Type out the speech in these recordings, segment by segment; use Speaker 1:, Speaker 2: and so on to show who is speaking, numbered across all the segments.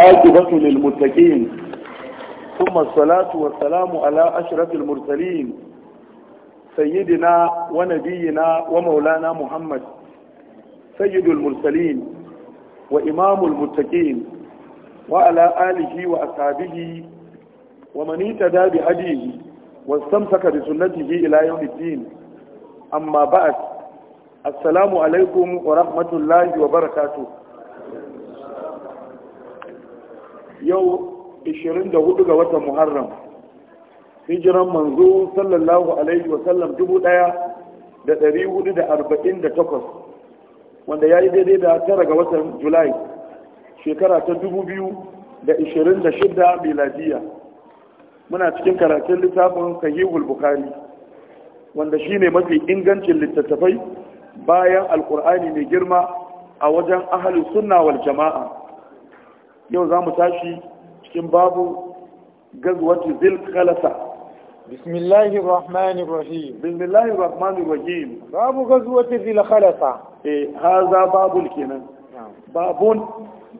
Speaker 1: عاقبة
Speaker 2: للمتقين ثم الصلاة والسلام على أشرف المرسلين سيدنا ونبينا ومولانا محمد سيد المرسلين وإمام المتقين وعلى آله وأصحابه ومن اهتدى بهديه واستمسك بسنته إلى يوم الدين أما بعد السلام عليكم ورحمة الله وبركاته yau 24 ga watan muharram hijiran manzo sallallahu alaihi wasallam 1448 wanda ya yi daidai da tara ga watan julai shekara ta 2026 miladiya muna cikin karatun littafin sahihul bukari wanda shi ne mafi ingancin littattafai bayan alkur'ani mai girma a wajen ahalin sunna wal jama'a yau za mu tashi cikin babu gazwatu zil khalasa bismillahir rahmanir rahim bismillahir rahmanir rahim babu gazwatu zil khalasa eh haza babul kenan babun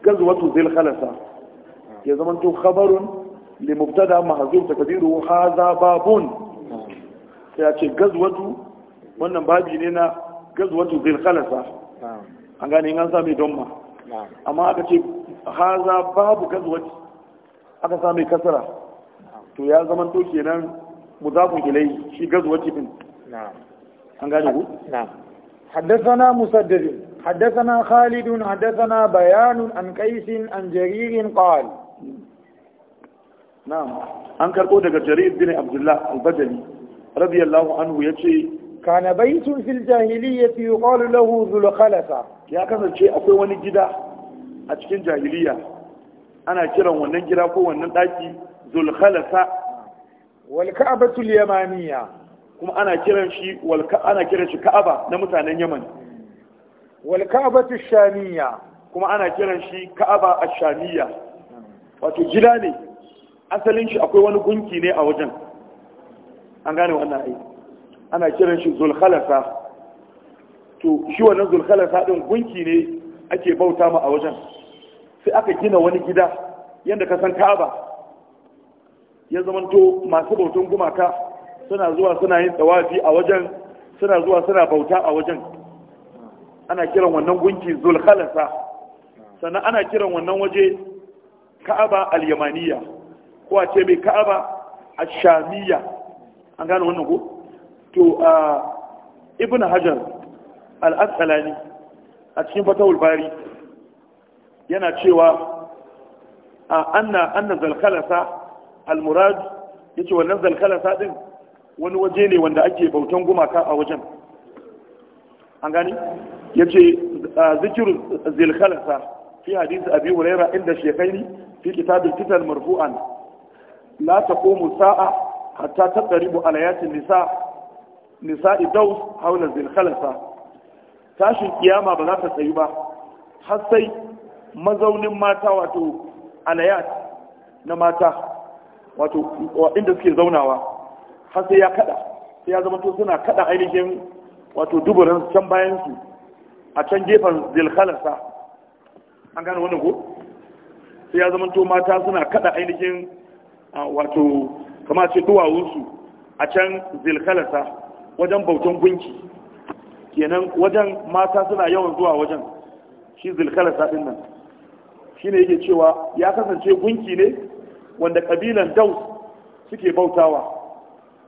Speaker 2: gazwatu zil khalasa ya zaman to khabarun li mubtada mahzuf takdiru haza babun sai a ce gazwatu wannan babi ne na gazwatu zil khalasa an gane in an sami don ma amma aka ce haza babu gazuwaci aka sami kasara to ya zama to za ku ilai shi gazuwaci cikin an gane ku
Speaker 1: حدثنا
Speaker 2: مسدد حدثنا khalidun Haddasa na, عن قيس عن جرير قال نعم an karɓo daga jarir bin abdullah albajali radiyallahu anhu ya ce kana baitun fil jahiliyyati yuqalu lahu dhul khalasa ya kasance akwai wani gida a cikin jahiliya ana kiran wannan gida ko wannan daki dhul khalasa wal ka'batu al yamaniya kuma ana kiran shi wal ana ka'aba na mutanen yaman wal ka'batu kuma ana kiran shi ka'aba ash-shamiya wato gida ne asalin shi akwai wani gunki ne a wajen an gane wannan aiki ana kiran shi zulkhalasa to shi wannan zulkhalasa din gunki ne ake bauta ma a wajen sai aka gina wani gida yadda ka san ka'aba ya zamanto masu bautan gumaka suna zuwa suna yin tsawafi a wajen suna zuwa suna bauta a wajen ana kiran wannan gunki zulkhalasa sannan ana kiran wannan waje ka'aba al-yamaniya ko a ce mai ka'aba ash-shamiyya an gano wannan ko to a ibn hajar al-asqalani a cikin fatawul bari yana cewa a anna anna zalkalasa al-murad yace wannan zalkalasa din wani waje ne wanda ake bautan gumaka a wajen an gani yace zikiru zalkalasa fi hadith abi hurairah inda shekaini fi kitab al-fitan marfu'an la taqumu sa'a hatta taqribu alayatin nisa' nisa'i daus haula zilkhalasa tashin kiyama ba za ta sayi ba har sai mazaunin mata wato alayat na mata wato inda suke zaunawa har sai ya kada sai ya zama to suna kada ainihin wato duburan can bayan su a can gefen zilkhalasa an gane wannan ko sai ya zama to mata suna kada ainihin wato kamar ce duwawunsu a can zilkalasa wajen bautan gunki kenan wajen mata suna yawan zuwa wajen shi zilkala sadin nan shine yake cewa ya kasance gunki ne wanda kabilan daus suke bautawa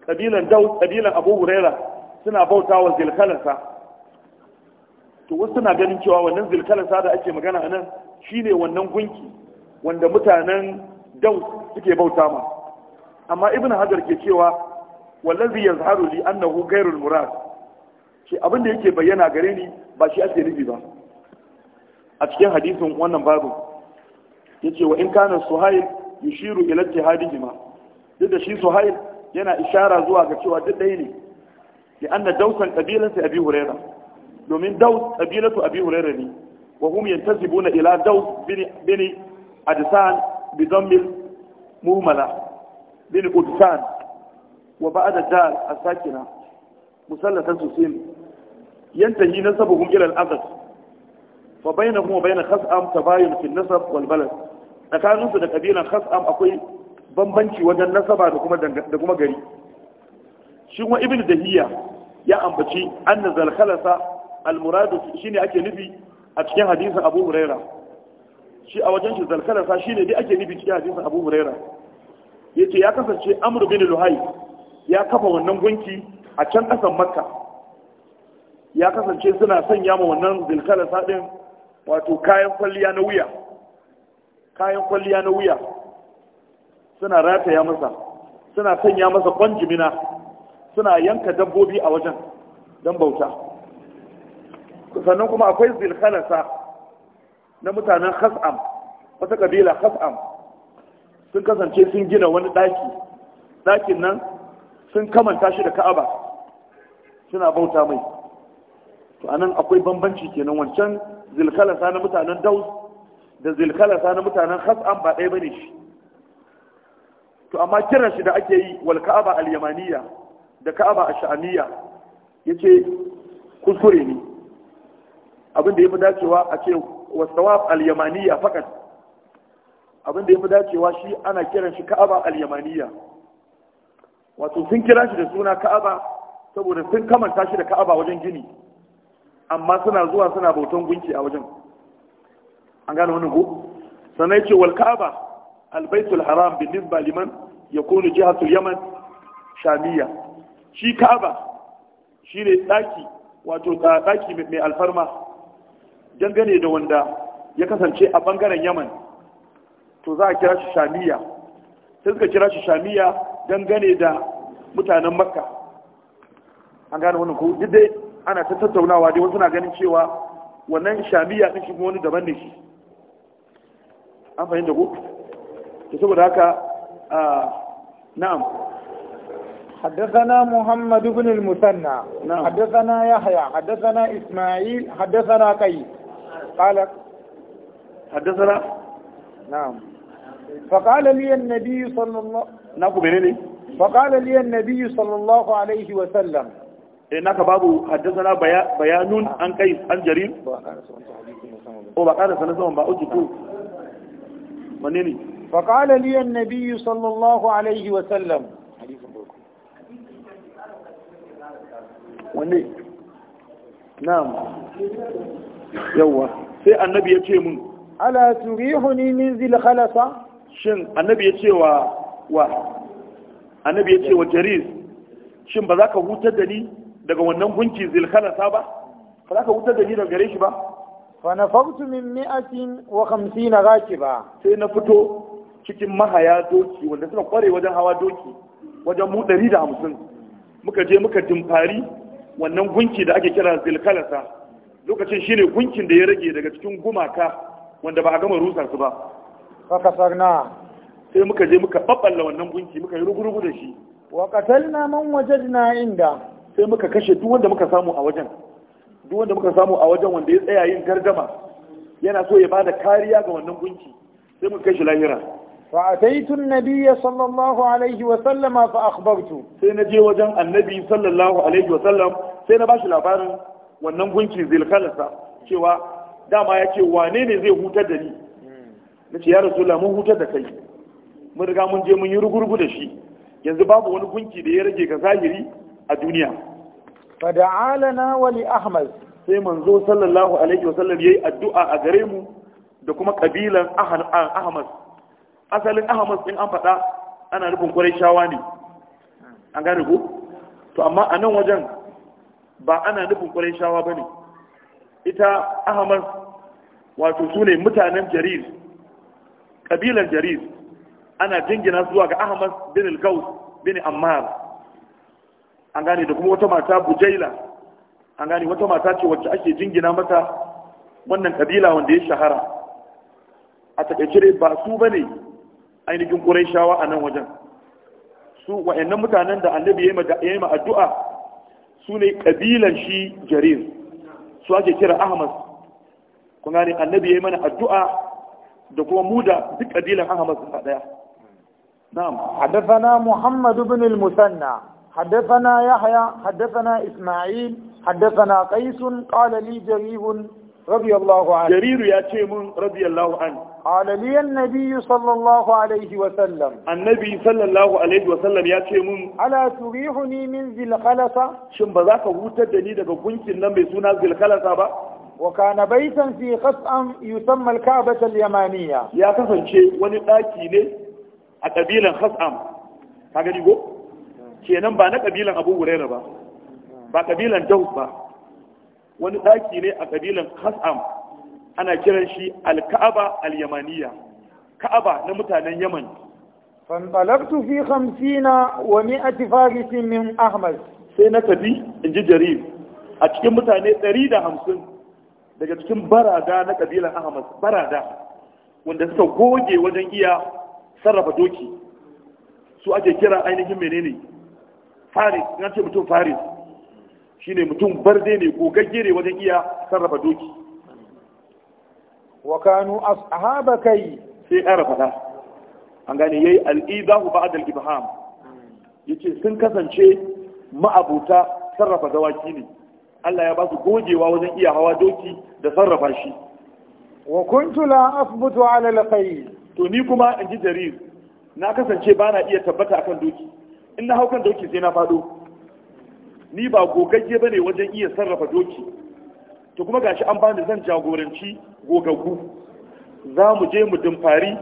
Speaker 2: kabilan daus kabilan abu huraira suna bautawa sa to wasu suna ganin cewa wannan sa da ake magana a nan ne wannan gunki wanda mutanen daus suke bauta ma amma ibn hajar ke cewa wallazi yazharu li annahu ghayrul murad shi abinda yake bayyana gare ni ba shi ake nufi ba a cikin hadisin wannan babu yace wa in kana suhail yushiru ila ittihadihima duk da shi suhail yana ishara zuwa ga cewa duk ɗaya ne li anna dausan qabilatu abi hurairah domin daus qabilatu abi hurairah ne wa hum yantazibuna ila daus bini bin adsan bi dhammil muhmala bin udsan wa ba ba'da dal as-sakina musallatan susim yantahi nasabuhum ila al-abad fa bainahum wa bain khas'am tabayun fi an-nasab wal balad tsakanin su da kabilan khas'am akwai bambanci wajen nasaba da kuma da kuma gari Shin kuma ibnu dahiya ya ambaci anna zal khalasa al muradu shine ake nufi a cikin hadisin abu huraira shi a wajen shi zalkalasa shi dai ake nufi cikin hadisin abu huraira ya ce ya kasance amur bin luhai ya kafa wannan gunki a can ƙasan makka ya kasance suna sanya ma wannan zilkala ɗin wato kayan kwalliya na wuya kayan kwalliya na wuya suna rataya masa suna sanya masa kwanjimina suna yanka dabbobi a wajen don bauta sannan kuma akwai zilkalasa na mutanen khas'am wata kabila khas'am sun kasance sun gina wani ɗaki ɗakin nan sun kamanta shi da ka'aba suna bauta mai to anan akwai bambanci kenan wancan zilkalasa na mutanen daus da zilkalasa na mutanen has'an ba ɗaya bane shi to amma kiran shi da ake yi wal ka'aba al-yamaniya da ka'aba ash-sha'aniya yace kuskure ne abin da yafi dacewa a ce wasawaf al-yamaniya fakat abin da yafi dacewa shi ana kiran shi ka'aba al-yamaniya wato sun kira shi da suna ka'aba saboda sun kamanta shi da ka'aba wajen gini amma suna zuwa suna bautan gunki a wajen an gane wani ko sannan ce wal ka'aba albaitul haram bin nisba liman yakunu jihatul yaman shamiya shi ka'aba shine daki wato daki mai alfarma dangane da wanda ya kasance a bangaren yaman to za a kira shi shamiya sai suka kira shi shamiya dangane da mutanen makka an gane wannan ko duk dai ana ta tattaunawa dai wasu na ganin cewa wannan shamiya din shi wani daban ne shi an fahimta ko to saboda haka na'am حدثنا محمد بن المثنى نعم. حدثنا يحيى حدثنا إسماعيل حدثنا كي قال حدثنا نعم فقال لي النبي صلى الله na ku menene fa qala li annabi sallallahu alaihi wa sallam eh naka babu haddathana bayanun ah. an kai an jarir ko ba kada sanan zaman ba uji ko menene fa qala li annabi sallallahu alaihi wa sallam wanne na'am yawa sai annabi ya ce mun ala turihuni min zil khalasa shin annabi ya ce wa wa annabi ya ce wa jariz shin ba za ka hutar da ni daga wannan gunki zilkalasa ba ba za ka hutar da ni daga gare shi ba fa nafartu min mi'atin wa khamsina rakiba sai na fito cikin mahaya doki wanda suna kware wajen hawa doki wajen mu 150 muka je muka dimfari wannan gunki da ake kira zilkalasa lokacin shine gunkin da ya rage daga cikin gumaka wanda ba a gama rusar su ba fa kasarna sai muka je muka babballa wannan gunki muka yi rugurugu da shi wa qatalna man wajadna inda sai muka kashe duk wanda muka samu a wajen duk wanda muka samu a wajen wanda ya tsaya yin gardama yana so ya bada kariya ga wannan gunki sai muka kashe lahira fa ataitu an-nabiyya sallallahu alaihi wa sallama fa akhbartu sai na je wajen annabi sallallahu alaihi wa sallam sai na bashi labarin wannan gunki zilkalasa cewa dama ya ce wane ne zai hutar da ni hmm. na ce ya rasu mun hutar da kai mun riga mun je mun yi rugurgu da shi yanzu babu wani gunki da ya rage ga zahiri a duniya Fa lana wa li ahmad sai manzo sallallahu alaihi wa sallam yayi addu'a a gare mu da kuma kabilan ahmad asalin ahmad din an faɗa ana nufin quraishawa ne an gane ko to amma a nan wajen ba ana nufin quraishawa bane ita ahmad wato sune mutanen jarir kabilan jarir ana jingina zuwa ga ahmad bin al-gaus bin ammar an gane da kuma wata mata bujaila an gane wata mata ce wacce ake jingina mata wannan kabila wanda ya shahara a takaice dai ba su bane ainihin qurayshawa a nan wajen su wa'annan mutanen da annabi ya yi ma addu'a su ne kabilan shi jarir su ake kira ahmad kun gane annabi ya yi mana addu'a da kuma mu da duk kabilan ahmad su daya نعم حدثنا محمد بن المثنى حدثنا يحيى حدثنا إسماعيل حدثنا قيس قال لي جرير رضي الله عنه جرير يا تيمون رضي الله عنه قال لي النبي صلى الله عليه وسلم النبي صلى الله عليه وسلم يا تيمون ألا تريحني من ذي الخلصة شن بذاك وتدني دغ gunkin nan mai suna zilkalasa ba وكان بيتا في قصأ يسمى الكعبة اليمانية يا kasance wani daki ne a ƙabilan hasam ka gani go kenan ba na ƙabilan abu huraira ba ba ƙabilan daus ba wani ɗaki ne a ƙabilan hasam ana kiran shi alka'aba alyamaniya ka'aba na mutanen yaman fanbalaktu fi hamsina wa mi'ati farisin min ahmad sai na tafi in ji jarir a cikin mutane ɗari da hamsin daga cikin barada na ƙabilan ahmad barada wanda suka goge wajen iya sarrafa doki su ake kira ainihin menene faris na ce mutum faris shine mutum barde ne gagge ne wajen iya sarrafa doki wa kanu ashaba kai sai ƙara faɗa an gane yayi al-idahu ba'da al-ibham yace sun kasance ma'abuta sarrafa dawaki ne Allah ya ba su gogewa wajen iya hawa doki da sarrafa shi wa kuntu la asbutu ala al qayl to ni kuma in ji jarir na kasance ba na iya tabbata akan doki in na hau kan doki sai na fado ni ba gogagge ba ne wajen iya sarrafa doki to kuma gashi an bani zan jagoranci gogaggu za mu je mu dumfari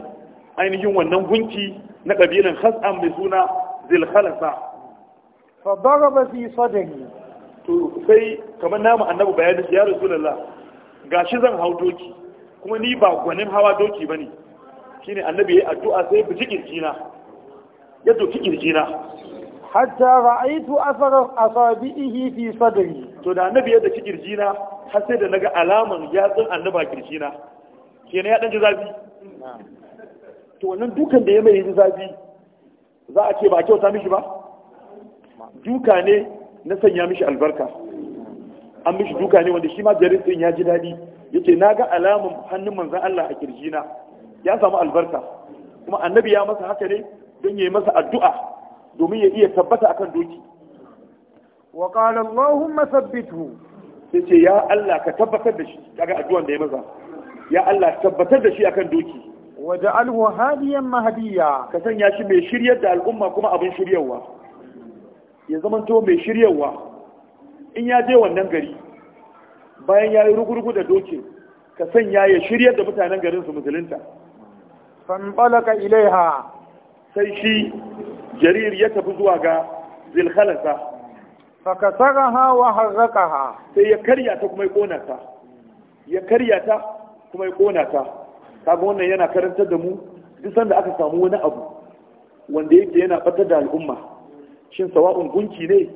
Speaker 2: ainihin wannan gunki na ƙabilan hasan mai suna khalasa fa daraba fi sadri to sai kamar namu annabi bayani ya rasulullah gashi zan hau doki kuma ni ba gwanin hawa doki bane shine annabi yayi addu'a sai bi na ya doki kirjina hatta ra'aytu athara asabihi fi sadri to da annabi ya doki na, har sai da naga alaman yatsun annaba Ke kenan ya ɗan ji zafi to wannan dukan da ya mai ji zafi za a ce ba a kyauta mishi ba duka ne na sanya mishi albarka an mishi duka ne wanda shi ma jaririn ya ji daɗi yake na ga alaman hannun manzon Allah a kirjina ya samu albarka kuma annabi ya masa haka ne don ya yi masa addu'a domin ya iya tabbata akan doki wa qala allahumma thabbithu sai ce ya Allah ka tabbatar da shi kaga addu'an da ya maza ya Allah tabbatar da shi akan doki Waje ja'alhu hadiyan mahadiya. ka sanya shi mai shiryar da al'umma kuma abin shiryarwa ya zamanto mai shiryarwa in ya je wannan gari bayan ya yi rugurugu da doki ka sanya ya shiryar da mutanen garin su musulunta fanɓalaka ilaiha sai shi jarir ya tafi zuwa ga zilhalasa fakasaraha wa ha. sai ya karya ta kuma ya kona ta ya karya ta kuma ya kona ta kaga wannan yana karantar da mu duk sanda aka samu wani abu wanda yake yana batar da al'umma shin sawa'un gunki ne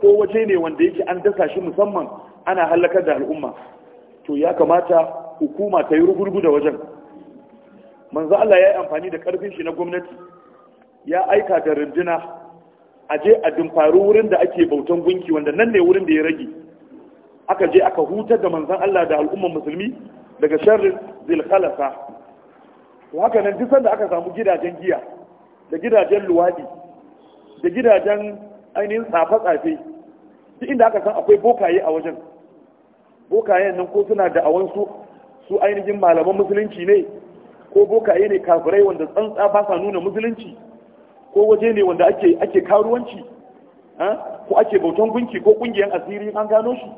Speaker 2: ko waje ne wanda yake an dasa shi musamman ana halakar da al'umma to ya kamata hukuma ta yi rugurgu da wajen manzo Allah ya yi amfani da karfin shi na gwamnati ya aika da runduna a je a dumfari wurin da ake bautan gunki wanda nan ne wurin da ya rage aka je aka hutar da manzan Allah da al'umman musulmi daga sharrin zil khalasa to haka nan duk sanda aka samu gidajen giya da gidajen luwadi da gidajen ainihin tsafe-tsafe duk inda aka san akwai bokaye a wajen bokayen nan ko suna da awansu su ainihin malaman musulunci ne ko bokaye ne kafirai wanda tsantsa ba sa nuna musulunci ko waje ne wanda ake karuwanci ko ake bautan gunki ko kungiyan asiri an gano shi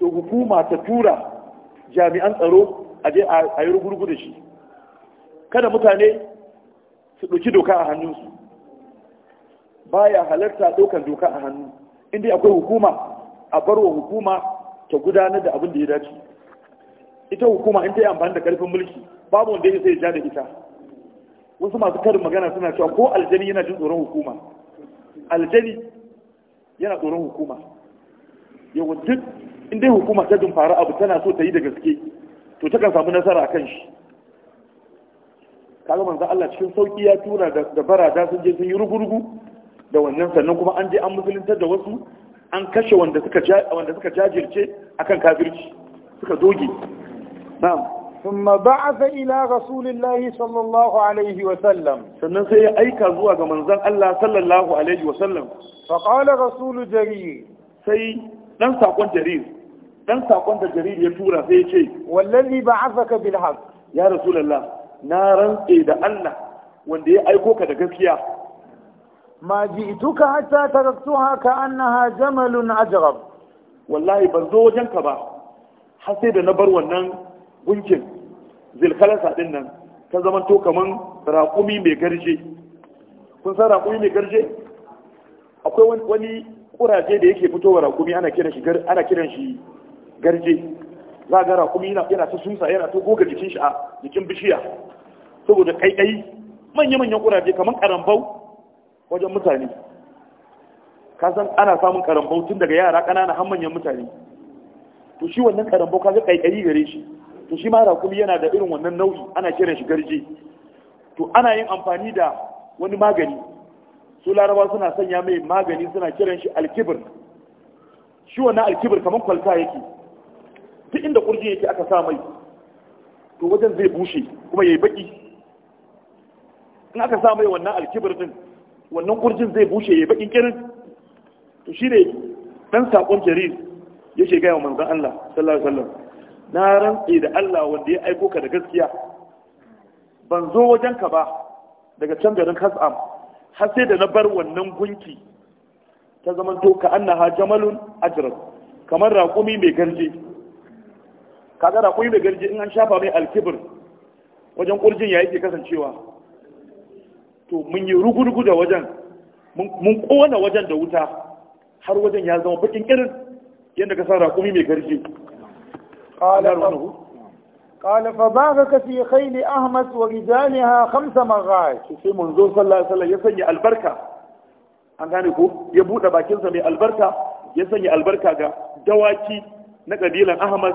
Speaker 2: to hukuma ta tura jami'an tsaro a je a yi rugurgu da shi kada mutane su ɗauki doka a hannunsu baya halarta ɗaukan doka a hannu inda akwai hukuma a barwa hukuma ta gudanar da abin da ya dace ita hukuma in ta yi amfani da karfin mulki babu wanda ya sai ja da ita wasu masu karin magana suna cewa ko aljani yana jin tsoron hukuma aljani yana tsoron hukuma yawa duk in dai hukuma ta dumfara abu tana so ta yi da gaske to ta kan samu nasara a kan shi kaga manzo Allah cikin sauki ya tura da barada sun je sun yi rugurugu da wannan sannan kuma an je an musuluntar da wasu an kashe wanda suka wanda suka jajirce akan kafirci suka doge نعم ثم بعث إلى رسول الله صلى الله عليه وسلم سنن سي أيكا زوا منزل الله صلى الله عليه وسلم فقال رسول جرير سي دان ساقون جرير دان ساقون جرير يتورا سي يشي والذي بعثك بالحق يا رسول الله نارن إذا الله wanda ya aiko ka da gaskiya ma ji'tuka hatta taraktuha ka annaha jamalun ajrab wallahi ban zo wajenka ba har sai da na bar wannan gunkin zilkalasa din nan ta zama to kaman raƙumi mai garje kun san raƙumi mai garje akwai wani kuraje da yake fitowa raƙumi ana kiran shi ana kiran shi garje za ga raƙumi yana yana ta sunsa yana ta goga jikin shi a jikin bishiya saboda ƙaiƙayi manya-manyan kuraje kaman karambau wajen mutane ka san ana samun karambau tun daga yara ƙanana har manyan mutane to shi wannan karambau ka ga ƙaiƙayi gare shi to shi ma rakumi yana da irin wannan nau'i ana kiran shi garje to ana yin amfani da wani magani su laraba suna sanya mai magani suna kiran shi alkibir shi wannan alkibir kamar kwalta yake duk inda kurji yake aka sa mai to wajen zai bushe kuma yayi baki in aka sa mai wannan alkibir din wannan kurjin zai bushe yayi baki kirin to shi ne dan sakon jarir yake ga manzon Allah sallallahu alaihi wasallam na rantse da Allah wanda ya aiko ka da gaskiya ban zo wajen ka ba daga can garin Kas'am har sai da na bar wannan gunki ta zaman to ka annaha jamalun ajrad kamar raƙumi mai garje kaga raƙumi mai garje in an shafa mai alkibir wajen kurjin ya yake kasancewa to mun yi rugurugu da wajen mun kona wajen da wuta har wajen ya zama bakin irin yadda ka sa raƙumi mai garje قال قال فبارك في خيل احمد ورجالها خمس مرات في منذ صلى الله عليه ya sanya albarka an gane ko ya مي bakinsa يسني albarka ya sanya albarka ga dawaki na kabilan Ahmad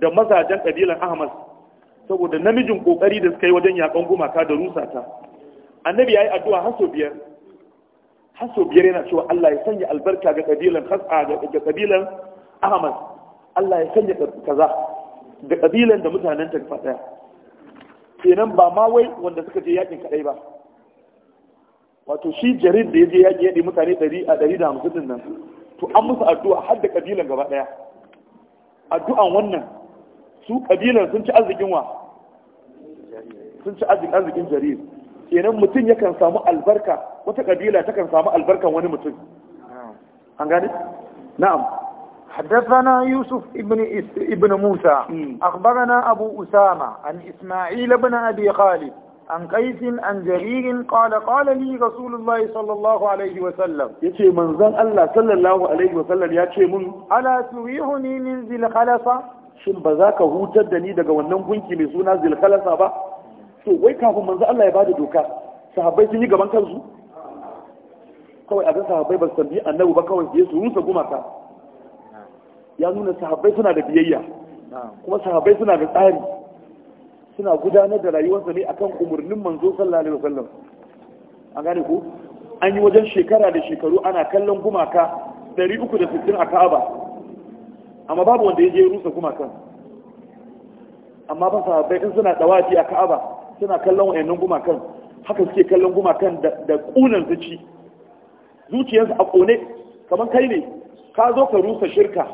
Speaker 2: da mazajen kabilan Ahmad saboda namijin kokari da suka yi wajen yakan gumaka da rusata annabi yayi addu'a haso biyar haso biyar yana cewa Allah ya sanya albarka ga kabilan Khas'a kabilan Ahmad Allah ya sanya kaza da kabilan da mutanen ta gaba daya kenan ba ma wai wanda suka je yakin kadai ba wato shi jarin da ya je yaki yadi mutane 100 a 150 din nan to an musu addu'a har da kabilan gaba daya addu'an wannan su kabilan sun ci arzikin wa sun ci arzikin jarir kenan mutum yakan samu albarka wata kabila takan samu albarkan wani mutum an gane na'am حدثنا يوسف ابن ابن موسى أخبرنا أبو أسامة عن إسماعيل بن أبي خالد عن قيس عن جرير قال قال لي رسول الله صلى الله عليه وسلم يتي من ظن الله صلى الله عليه وسلم يتي من من ذي shin ba za ka hutar da ni daga wannan gunki mai suna zilkalasa ba to wai kafin manzo Allah ya bada doka sahabbai sun yi gaban kansu kawai a ga sahabbai ba su tambayi annabi ba kawai su rusa gumaka ya nuna sahabbai suna da biyayya kuma sahabbai suna da tsari suna gudanar da rayuwarsa ne akan umarnin manzo sallallahu alaihi wasallam an gane ku an yi wajen shekara da shekaru ana kallon gumaka 360 a Ka'aba amma babu wanda ya je rusa gumakan amma ba sahabbai din suna dawaji a Ka'aba suna kallon wayannan gumakan haka suke kallon gumakan da da kunan zuci zuciyarsu a kone kamar kai ne ka zo ka rusa shirka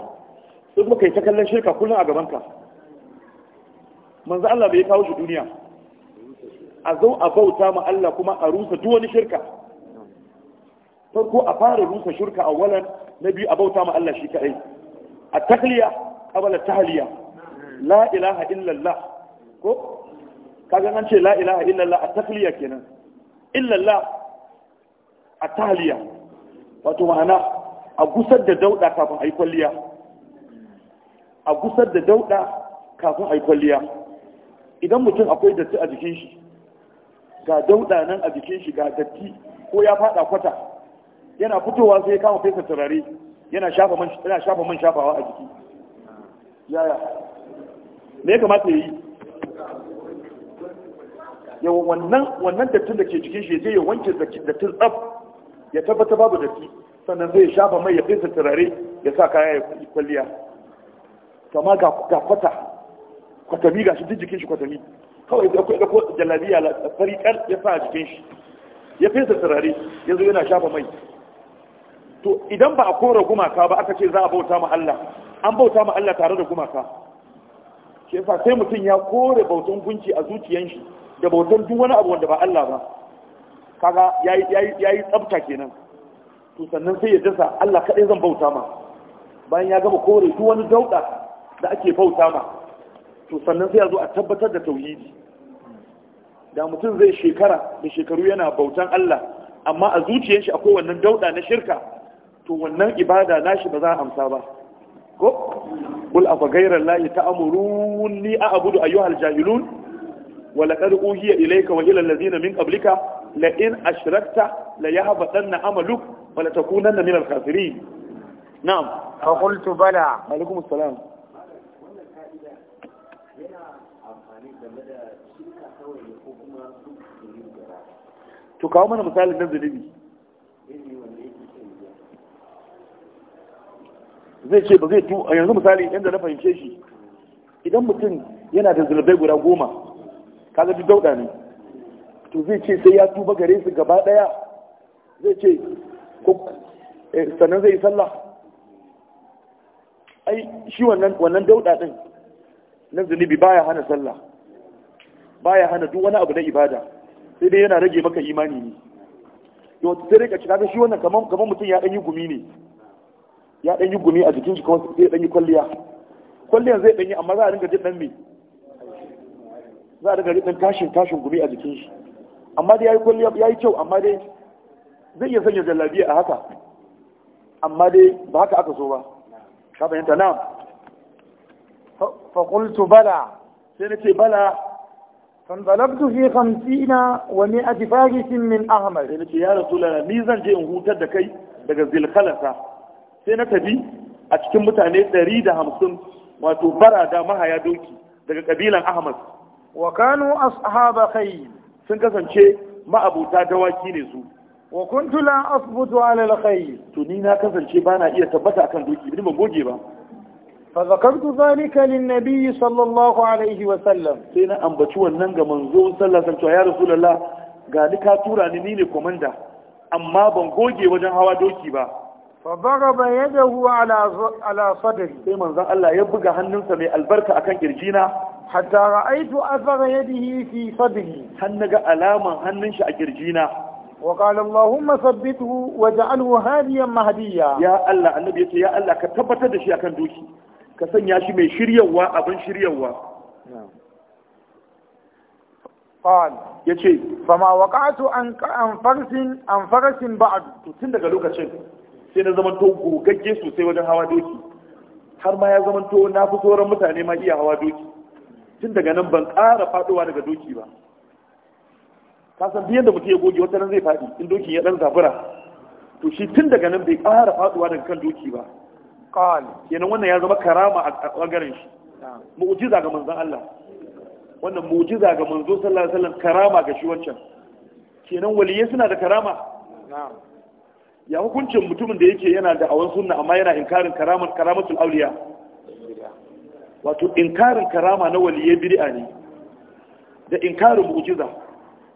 Speaker 2: sai kuma kai ta kallon shirka kullum a gabanka manzo Allah bai kawo shi duniya a zo a bauta ma Allah kuma a rusa duk wani shirka farko a fara rusa shirka a walan na biyu a bauta ma Allah shi kadai a takliya qabala tahliya la ilaha illallah ko kaga an ce la ilaha illallah a takliya kenan illallah a tahliya wato ma'ana a gusar da dauda kafin a yi kwalliya a gusar da dauɗa kafin a yi kwalliya idan mutum akwai datti a jikin shi ga dauɗa nan a jikin shi ga datti ko ya faɗa kwata yana fitowa sai ya kama fesa turare yana shafa man yana shafa man shafawa a jiki yaya me ya kamata yi ya wannan wannan dattin da ke jikin shi zai ya wanke dattin tsaf ya tabbata babu datti sannan zai shafa mai ya fesa turare ya sa kaya ya kwalliya kama ga kwata kwatami ga shi duk jikin shi kwatami kawai da kwai dako jalabiya la fari ya sa jikin shi ya fesa turare yanzu yana shafa mai to idan ba a kora gumaka ba aka ce za a bauta ma Allah an bauta ma Allah tare da gumaka shi yasa sai mutum ya kore bautan gunci a zuciyan shi da bautan duk wani abu wanda ba Allah ba kaga yayi yayi yayi tsafta kenan to sannan sai ya dasa Allah kadai zan bauta ma bayan ya gama kore duk wani dauda da ake bauta ma to sannan sai a zo a tabbatar da tauhidi da mutum zai shekara da shekaru yana bautan Allah amma a zuciyar shi akwai wannan dauda na shirka to wannan ibada nashi ba za a amsa ba ko kul afa ghayra allahi ta'muruni a abudu ayyuhal jahilun wa laqad uhiya ilayka wa ila allazina min qablika la in ashrakta la yahbatanna amaluk wa la takunanna min al-khasirin
Speaker 1: na'am fa qultu
Speaker 2: bala alaikum assalam
Speaker 1: game da shirka kawai ne ko kuma su
Speaker 2: to kawo mana misalin nan zunubi zai ce ba zai tu a yanzu misali yadda na fahimce shi idan mutum yana da zunubai guda goma kaga duk dauda ne to zai ce sai ya tuba gare su gaba daya zai ce eh, sannan zai yi sallah ai shi wannan dauda din na zunubi baya hana sallah baya hana duk wani abu na ibada sai dai yana rage maka imani ne yau sai dai kaci kaga shi wannan kaman kaman mutum ya dan yi gumi ne ya dan yi gumi a jikin shi kawai sai dan yi kwalliya kwalliyan zai dan yi amma za a dinga jin dan me za a dinga ɗan tashin tashin gumi a jikin shi amma dai yayi kwalliya yayi kyau amma dai zai iya sanya jallabiya a haka amma dai ba haka aka so ba ka fahimta na fa qultu bala sai nace bala fanzalabtu fi khamsina wa mi'ati faqisin min ahmad sai ce ya rasulana ni zan je in hutar da kai daga zilkalasa sai na tafi a cikin mutane ɗari da 150 wato barada mahaya doki daga kabilan ahmad wa kanu ashaba khayl sun kasance ma'abuta dawaki ne su wa kuntu la asbutu ala to ni na kasance bana iya tabbata a kan doki ni ba goge ba فذكرت ذلك للنبي صلى الله عليه وسلم سينا أنبتش وننغ منزو صلى الله عليه وسلم يا رسول الله قال لك تورا نيني كومندا أما بنقوجي وجن هوا دوكي با فضرب يده على على صدري سي منزو الله يبقى هننسى من البركة أكن كرجينا حتى رأيت أثر يده في صدري هنغ ألاما هننش أكرجينا وقال اللهم ثبته وجعله هاديا مهديا يا الله النبي يا الله كتبت دشي أكن دوكي ka sanya shi mai shiryawa abin shiryawa قال يجي فما وقعت عن عن فرس عن فرس بعد tun daga lokacin sai na zaman to gogagge sosai wajen hawa doki har ma ya zaman to na fi sauran mutane ma iya hawa doki tun daga nan ban ƙara faduwa daga doki ba ka san biyan da mutum ya goge wata nan zai faɗi in dokin ya dan zafura to shi tun daga nan bai ƙara faduwa daga kan doki ba قال kenan wannan ya zama karama a bangaren shi mu'jiza ga manzon Allah wannan mu'jiza ga manzo sallallahu alaihi wasallam karama ga shi wancan kenan waliyai suna da karama ya hukuncin mutumin da yake yana da awan sunna amma yana inkarin karamar karamatul awliya wato inkarin karama na waliyai bid'a ne da inkarin mu'jiza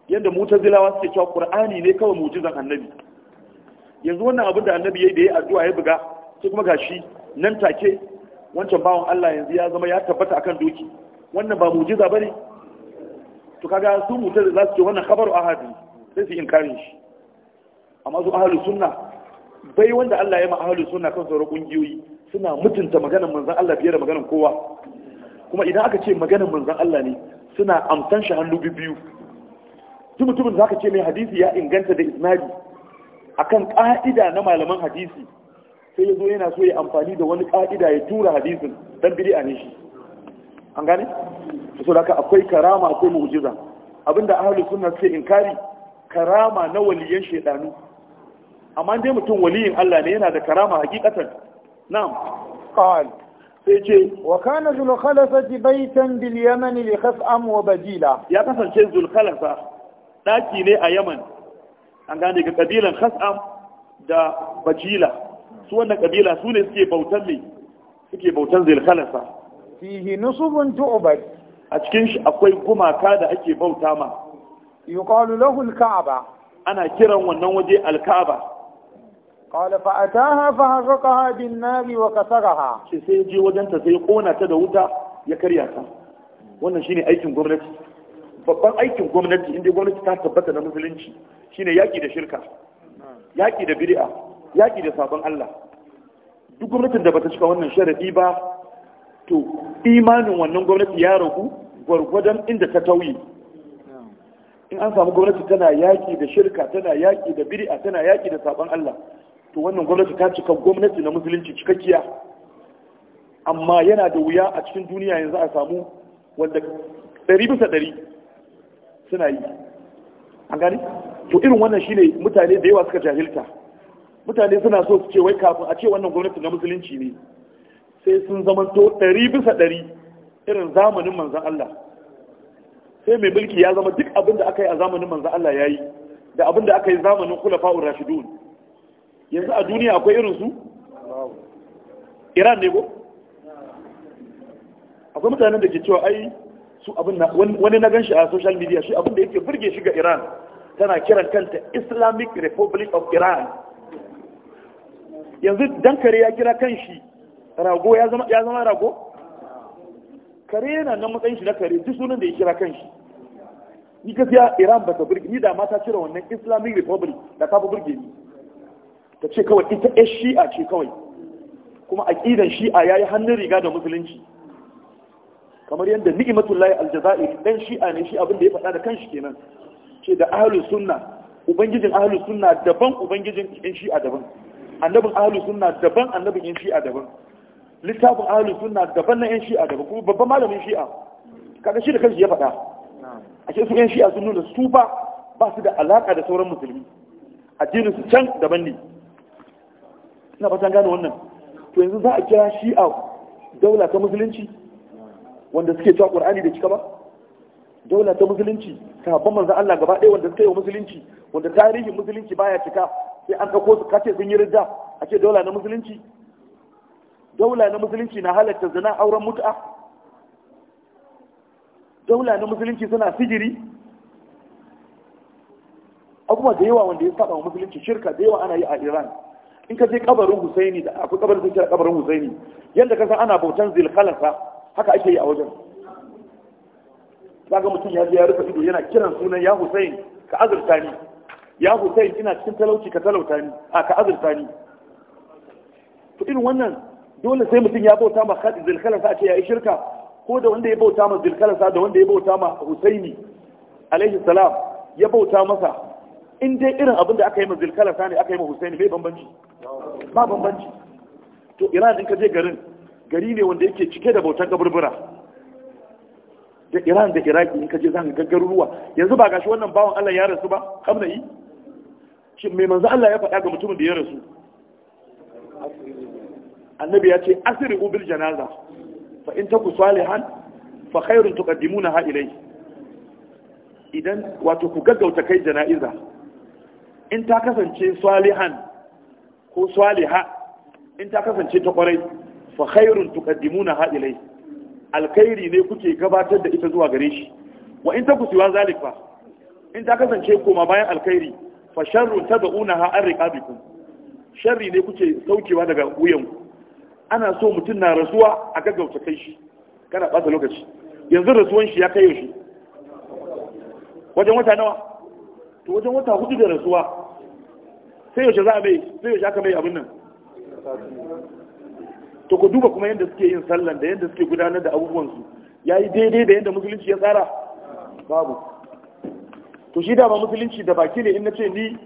Speaker 2: yadda mutazilawa suke cewa qur'ani ne kawai mu'jizan annabi yanzu wannan abin da annabi yayi da yayi addu'a ya buga sai kuma gashi nan take wancan bawan Allah yanzu ya zama ya tabbata akan doki wannan ba mujiza bane to kaga su mutum za su ce wannan khabaru ahadi sai su inkari shi amma su ahlus sunna bai wanda Allah ya ma ahlus sunna kan sauran kungiyoyi suna mutunta maganar manzon Allah fiye da maganar kowa kuma idan aka ce maganar manzon Allah ne suna amsan shi hannu biyu duk mutumin zaka ce mai hadisi ya inganta da isnadi akan ka'ida na malaman hadisi sai ya zo yana so ya amfani da wani ka'ida ya tura hadisin dan bid'a ne shi an gane to haka akwai karama akwai mu'jiza abinda ahli sunna suke inkari karama na waliyan shedanu amma dai mutum waliyin Allah ne yana da karama hakikatan na'am qal sai ce wa kana zul khalasa baytan bil yaman li khas'am wa badila ya kasance zul khalasa daki ne a yaman an gane ga kabilan khas'am da bajila su wannan kabila su ne suke bautan ne suke bautan zilkhalasa fihi nusubun tu'bad a cikin shi akwai gumaka da ake bauta ma yuqalu lahu al-ka'ba ana kiran wannan waje al-ka'ba qala fa ataha fa haɗin bin nar wa kasaraha shi sai je wajen ta sai kona ta da wuta ya karya ta wannan shine aikin gwamnati babban aikin gwamnati inda gwamnati ta tabbata na musulunci shine yaƙi da shirka yaki da bid'a yaƙi da sabon Allah duk gwamnatin da bata cika wannan sharaɗi ba to imanin wannan gwamnati ya ragu gwargwadon inda ta tauye in an samu gwamnati tana yaƙi da shirka tana yaƙi da biri'a tana yaƙi da sabon Allah to wannan gwamnati ta cika gwamnati na musulunci cikakkiya amma yana da wuya a cikin duniya yanzu a samu wanda ɗari bisa ɗari suna yi an gani to irin wannan shine mutane da yawa suka jahilta mutane suna so su ce wai kafin a ce wannan gwamnati na musulunci ne sai sun to ɗari bisa ɗari irin zamanin manzan Allah sai mai mulki ya zama duk abin da aka yi a zamanin manzan Allah ya yi da abin da aka yi zamanin kulafa'ur rashidun yanzu a duniya akwai irin su iran ne ko akwai mutanen da ke cewa ai su abin na wani na ganshi a social media shi abin da yake burge shi ga iran tana kiran kanta islamic republic of iran yanzu dan kare ya kira shi rago ya zama ya zama rago kare yana nan matsayin shi na kare duk sunan da ya kira kan shi. ni gaskiya Iran ba ta burge ni da ma ta cire wannan Islamic Republic da ta fi burge ni ta ce kawai ita ƴar shi'a ce kawai kuma aqidan shi'a yayi hannun riga da musulunci kamar yadda al aljazair dan shi'a ne shi abin da ya faɗa da kanshi kenan ce da ahlus sunna ubangijin ahlus sunna daban ubangijin 'yan shi'a daban annabin ahlus suna daban annabin yin shi'a daban littafin ahlus suna daban na yin shi'a daban kuma babban malamin shi'a kaga shi da kanshi ya faɗa a ce su yin shi'a sun nuna su ba ba su da alaka da sauran musulmi addinin su can daban ne ina fatan gane wannan to yanzu za a kira shi'a daula ta musulunci wanda suke cewa qur'ani da cika ba daula ta musulunci sahabban manzon Allah gaba ɗaya wanda suka yi musulunci wanda tarihin musulunci baya cika sai an ɗauko su kace sun yi ridda a ce daula na musulunci daula na musulunci na halatta zina auren mutu'a daula na musulunci suna sigiri abubuwa da yawa wanda ya saba musulunci shirka da yawa ana yi a iran in ka je kabarin husaini da akwai kabarin sun kira kabarin husaini yadda ka san ana bautan zilkalasa haka ake yi a wajen kaga mutum ya je ya rufe ido yana kiran sunan ya husaini ka azurta ni ya Hussein ina cikin talauci ka talauta ni a ka azurta ni to irin wannan dole sai mutum ya bauta ma zilkalansa a ce ya yi shirka ko da wanda ya bauta ma zilkalansa da wanda ya bauta ma Husaini alaihi salam ya bauta masa in dai irin abin da aka yi ma zilkalansa ne aka yi ma Husaini bai bambanci ba bambanci to Iran din ka je garin gari ne wanda yake cike da bautan kaburbura da Iran da Iraki in ka je zaka gaggaruwa yanzu ba gashi wannan bawan Allah ya rasu ba kamna yi shi mai manzo Allah ya faɗa ga mutumin da ya rasu annabi ya ce asiri ubil janaza fa in taku salihan fa khairun tuqaddimuna ha ilai idan wato ku gaggauta kai jana'iza in ta kasance salihan ko saliha in ta kasance ta kwarai fa khairun tuqaddimuna ha ilai alkhairi ne kuke gabatar da ita zuwa gare shi wa in taku siwa Zalifa in ta kasance koma bayan alkhairi fa sharru ha an bikin. sharri ne kuke saukewa daga wuyanku ana so mutum na rasuwa a gaggauta kai shi kana ɓata lokaci yanzu rasuwan shi ya kai yaushe wajen wata nawa to wajen wata hudu da rasuwa sai yaushe za a mai sai yaushe aka mai abin nan to ku duba kuma yadda suke yin sallan da yadda suke gudanar da abubuwansu ya yi daidai da yadda musulunci ya tsara babu to shi da ba musulunci da baki ne in na ce ni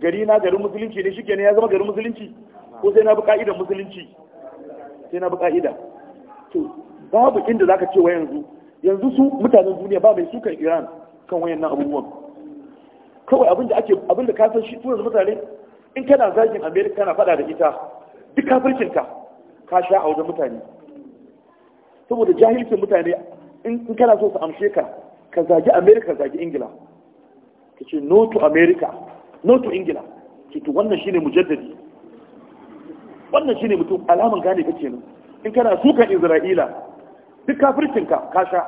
Speaker 2: gari na garin musulunci ne shike ne ya zama garin musulunci ko sai na bi ka'ida musulunci sai na bi ka'ida to babu inda zaka ce wa yanzu yanzu su mutanen duniya ba mai sukan Iran kan wayannan abubuwan kawai abinda ake abinda ka san shi yanzu mutane in kana zagin America kana fada da ita duk kafircinka ka sha a wajen mutane saboda jahilcin mutane in kana so su amshe ka ka zagi America zagi Ingila ka ce no to america no to ingila ce to wannan shine mujaddadi wannan shine mutum alaman gane ka ce in kana sukan isra'ila duk kafircinka ka sha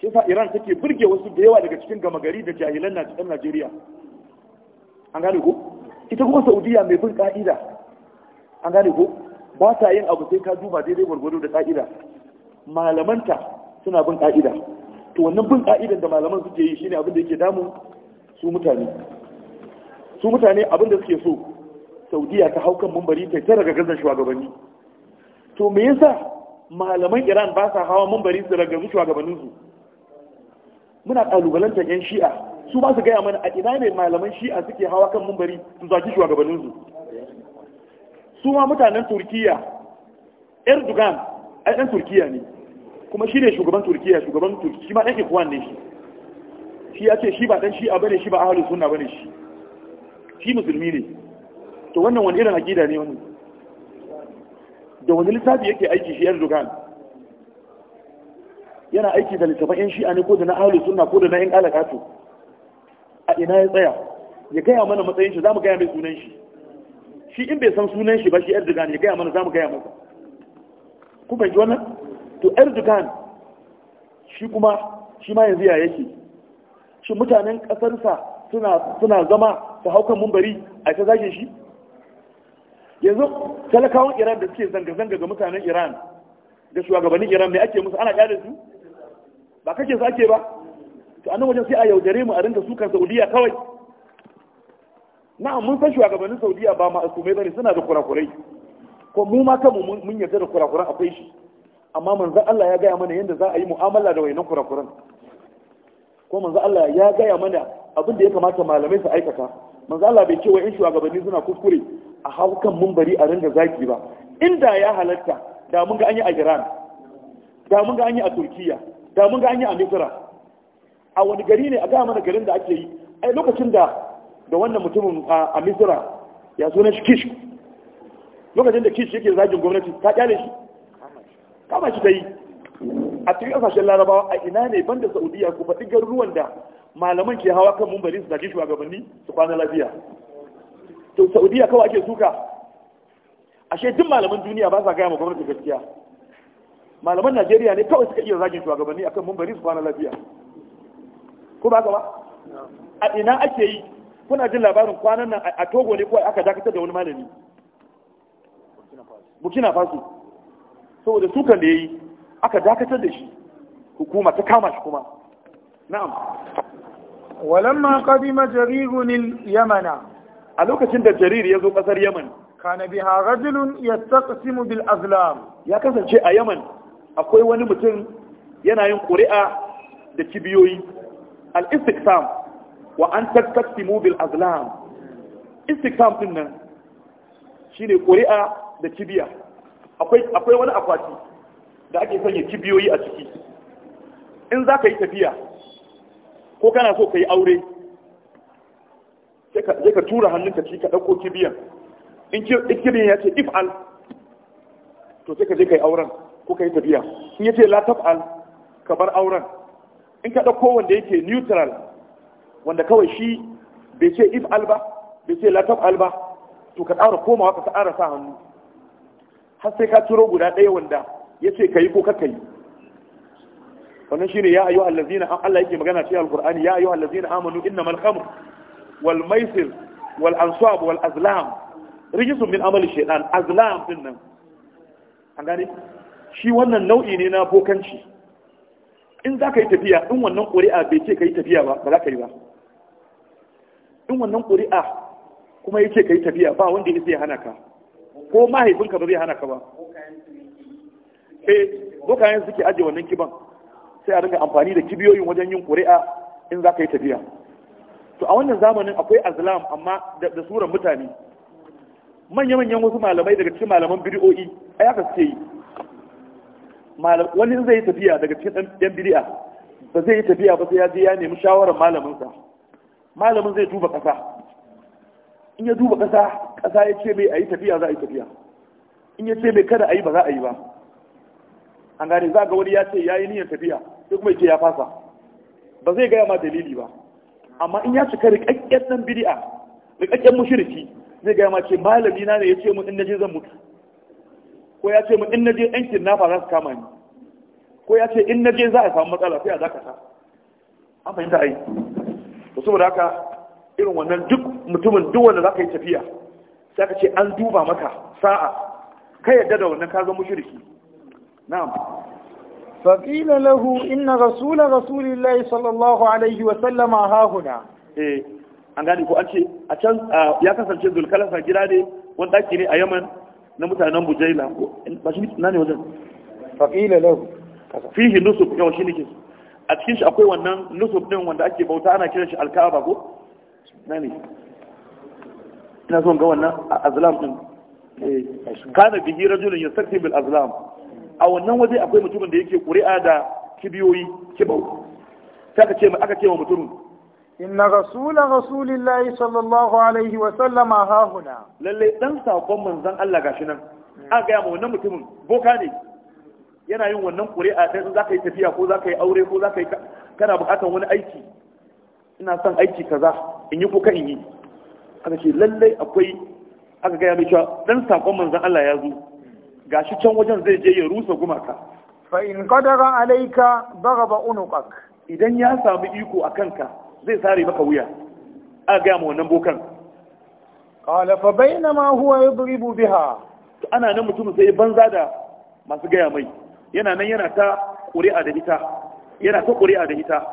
Speaker 2: shi sa iran take burge wasu da yawa daga cikin gama gari da jahilan na cikin najeriya an gane ko ita kuma saudiya mai bin ka'ida an gane ko ba ta yin abu sai ka duba daidai gwargwado da ka'ida malamanta suna bin ka'ida to wannan bin ka'idar da malaman suke yi shine abin da yake damu su mutane su mutane abin da suke so saudiya ta haukan mumbari ta tara gazan shugabanni to me yasa malaman iran ba sa hawa mumbari su ragazu shugabannin su muna kalubalanta yan shi'a su ba su gaya mana a ina ne malaman shi'a suke hawa kan mumbari su zaki shugabannin su su ma mutanen turkiya erdogan ai dan turkiya ne kuma shi ne shugaban turkiya shugaban turki shi ma ɗan ikuwan ne shi shi ya ce shi ba ɗan shi a bane shi ba ahalin suna bane shi shi musulmi ne to wannan wani irin aƙida ne wani da wani littafi yake aiki shi yan zugan yana aiki da littafin yan shi'a ne ko da na ahalin suna ko da na yan alakatu a ina ya tsaya ya gaya mana matsayin shi za mu gaya mai sunan shi shi in bai san sunan shi ba shi yan ne, ya gaya mana za mu gaya masa ku ji wannan to erdogan shi kuma shi ma yanzu ya yake shi mutanen ƙasarsa suna zama su haukan mumbari a ta zage shi yanzu talakawan iran da suke zanga-zanga ga mutanen iran da shugabannin iran mai ake musu ana kyale su ba kake su ake ba to annan wajen sai a yaudare mu a rinka sukan saudiya kawai na'am mun san shugabannin saudiya ba ma asumai bane suna da kurakurai ko mu ma kanmu mun yarda da kurakuran akwai shi amma manzan Allah ya gaya mana yadda za a yi mu'amala da wayannan kurakuran ko manzo Allah ya gaya mana abin da ya kamata malamai su aikata manzo Allah bai ce wa in shugabanni suna kuskure a haukan kan mumbari a ringa zaki ba inda ya halatta da mun ga an yi a Iran da mun ga an yi a Turkiya da mun ga an yi a Misra a wani gari ne a gaya mana garin da ake yi ai lokacin da da wannan mutumin a Misra ya zo na kish lokacin da kish yake zagin gwamnati ta kyale shi kama shi ta yi a cikin kasashen larabawa a ina ne banda saudiya ko faɗi garuruwan da malaman ke hawa kan mumbari su zaki shugabanni su kwana lafiya to saudiya kawai ake suka ashe duk malaman duniya ba sa gaya ma gwamnati gaskiya malaman najeriya ne kawai suka iya zagin shugabanni akan mumbari su kwana lafiya ko ba ba a ina ake yi kuna jin labarin kwanan nan a togo ne kawai aka dakatar da wani malami Bukina faso saboda sukan da ya yi aka dakatar da shi hukuma ta kama shi kuma na'am walamma qadima jarirun yamana
Speaker 1: a lokacin da jarir
Speaker 2: ya zo kasar yaman kana biha rajulun yastaqsimu bil azlam ya kasance a yaman akwai wani mutum yana yin ƙuri'a da kibiyoyi al istiqsam wa an taqsimu bil azlam istiqsam din nan shine ƙuri'a da kibiya akwai wani akwati da ake sanya kibiyoyi a ciki in za ka yi tafiya ko kana so ka yi aure sai ka tura hannunka ci ka ɗauko kibiyan in kibiyan ya ce if al to sai ka je ka yi auren ko ka yi tafiya in ya ce la al ka bar auren in ka ɗauko wanda yake neutral wanda kawai shi bai ce if al ba bai ce la al ba to ka ƙara komawa ka ƙara sa hannu har sai ka ciro guda ɗaya wanda ya ce ka yi ko kakka yi wannan shine ya ayyuha allazina Allah yake magana cikin alqur'ani ya ayyuha allazina amanu innamal khamr wal maisir wal ansab wal azlam rijisun min amali shaytan azlam din nan an gane shi wannan nau'i ne na bokanci in za ka yi tafiya in wannan ƙuri'a bai ce ka yi tafiya ba ba za ka yi ba in wannan ƙuri'a kuma ya ce ka yi tafiya ba wanda ya hana ka ko mahaifinka ba zai hana ka ba eh kayan suke aje wannan kiban sai a ringa amfani da kibiyoyin wajen yin ƙuri'a in za ka yi tafiya to a wannan zamanin akwai azlam amma da suran mutane manya-manyan wasu malamai daga cikin malaman biri'o'i, a aka suke yi wani zai yi tafiya daga cikin ɗan biri'a ba zai yi tafiya ba sai ya je ya nemi shawarar malaminsa malamin zai duba ƙasa in ya duba ƙasa ƙasa ya ce mai a yi tafiya za a yi tafiya in ya ce mai kada a yi ba za a yi ba an gane za ga wani ya ce ya yi niyyar tafiya sai kuma ya ce ya fasa ba zai gaya ma dalili ba amma in ya cika riƙaƙƙen nan bid'a riƙaƙƙen mushriki zai gaya ma ce malami na ne ya ce mun in naje zan mutu ko ya ce mun in naje yan kidnapper za su kama ni ko ya ce in naje za a samu matsala sai a dakata an fahimta ai to saboda haka irin wannan duk mutumin duk wanda za ka yi tafiya sai ka ce an duba maka sa'a ka yadda da wannan ka zama mushriki na'am فقيل له إن رسول رسول الله sallallahu alaihi عليه وسلم ها eh an gane ko an ce a can ya kasance zulkalafa gida ne wani ɗaki ne a yaman na mutanen bujaila ba shi na ne wajen faƙila lahu fihi nusuf yawa shi nake a cikin shi akwai wannan nusuf din wanda ake bauta ana kiran shi alka'aba ko na ne ina son ga wannan azlam din eh, kana bihi rajulun yastakti bil azlam a wannan waje akwai mutumin da yake ƙuri'a da kibiyoyi kibau saka ce aka ce wa mutumin inna rasul rasulillahi sallallahu alaihi wa sallama ha huna lalle dan sakon manzon Allah gashi nan aka ga wannan mutumin boka ne yana yin wannan ƙuri'a za zaka yi tafiya ko zaka yi aure ko zaka yi kana buƙatar wani aiki ina son aiki kaza in yi ko kan in yi aka ce lallai akwai aka gaya mai cewa dan sakon manzan Allah ya zo Ga shi can wajen zai je ya rusa gumaka fa in qadara alayka daghaba unuqak idan ya sami iko a kanka zai sare maka wuya a gaya ma wannan bokan qala fa bainama huwa yadribu biha ana nan mutum sai banza da masu gaya mai yana nan yana ta ƙuri'a da ita yana ta ƙuri'a da ita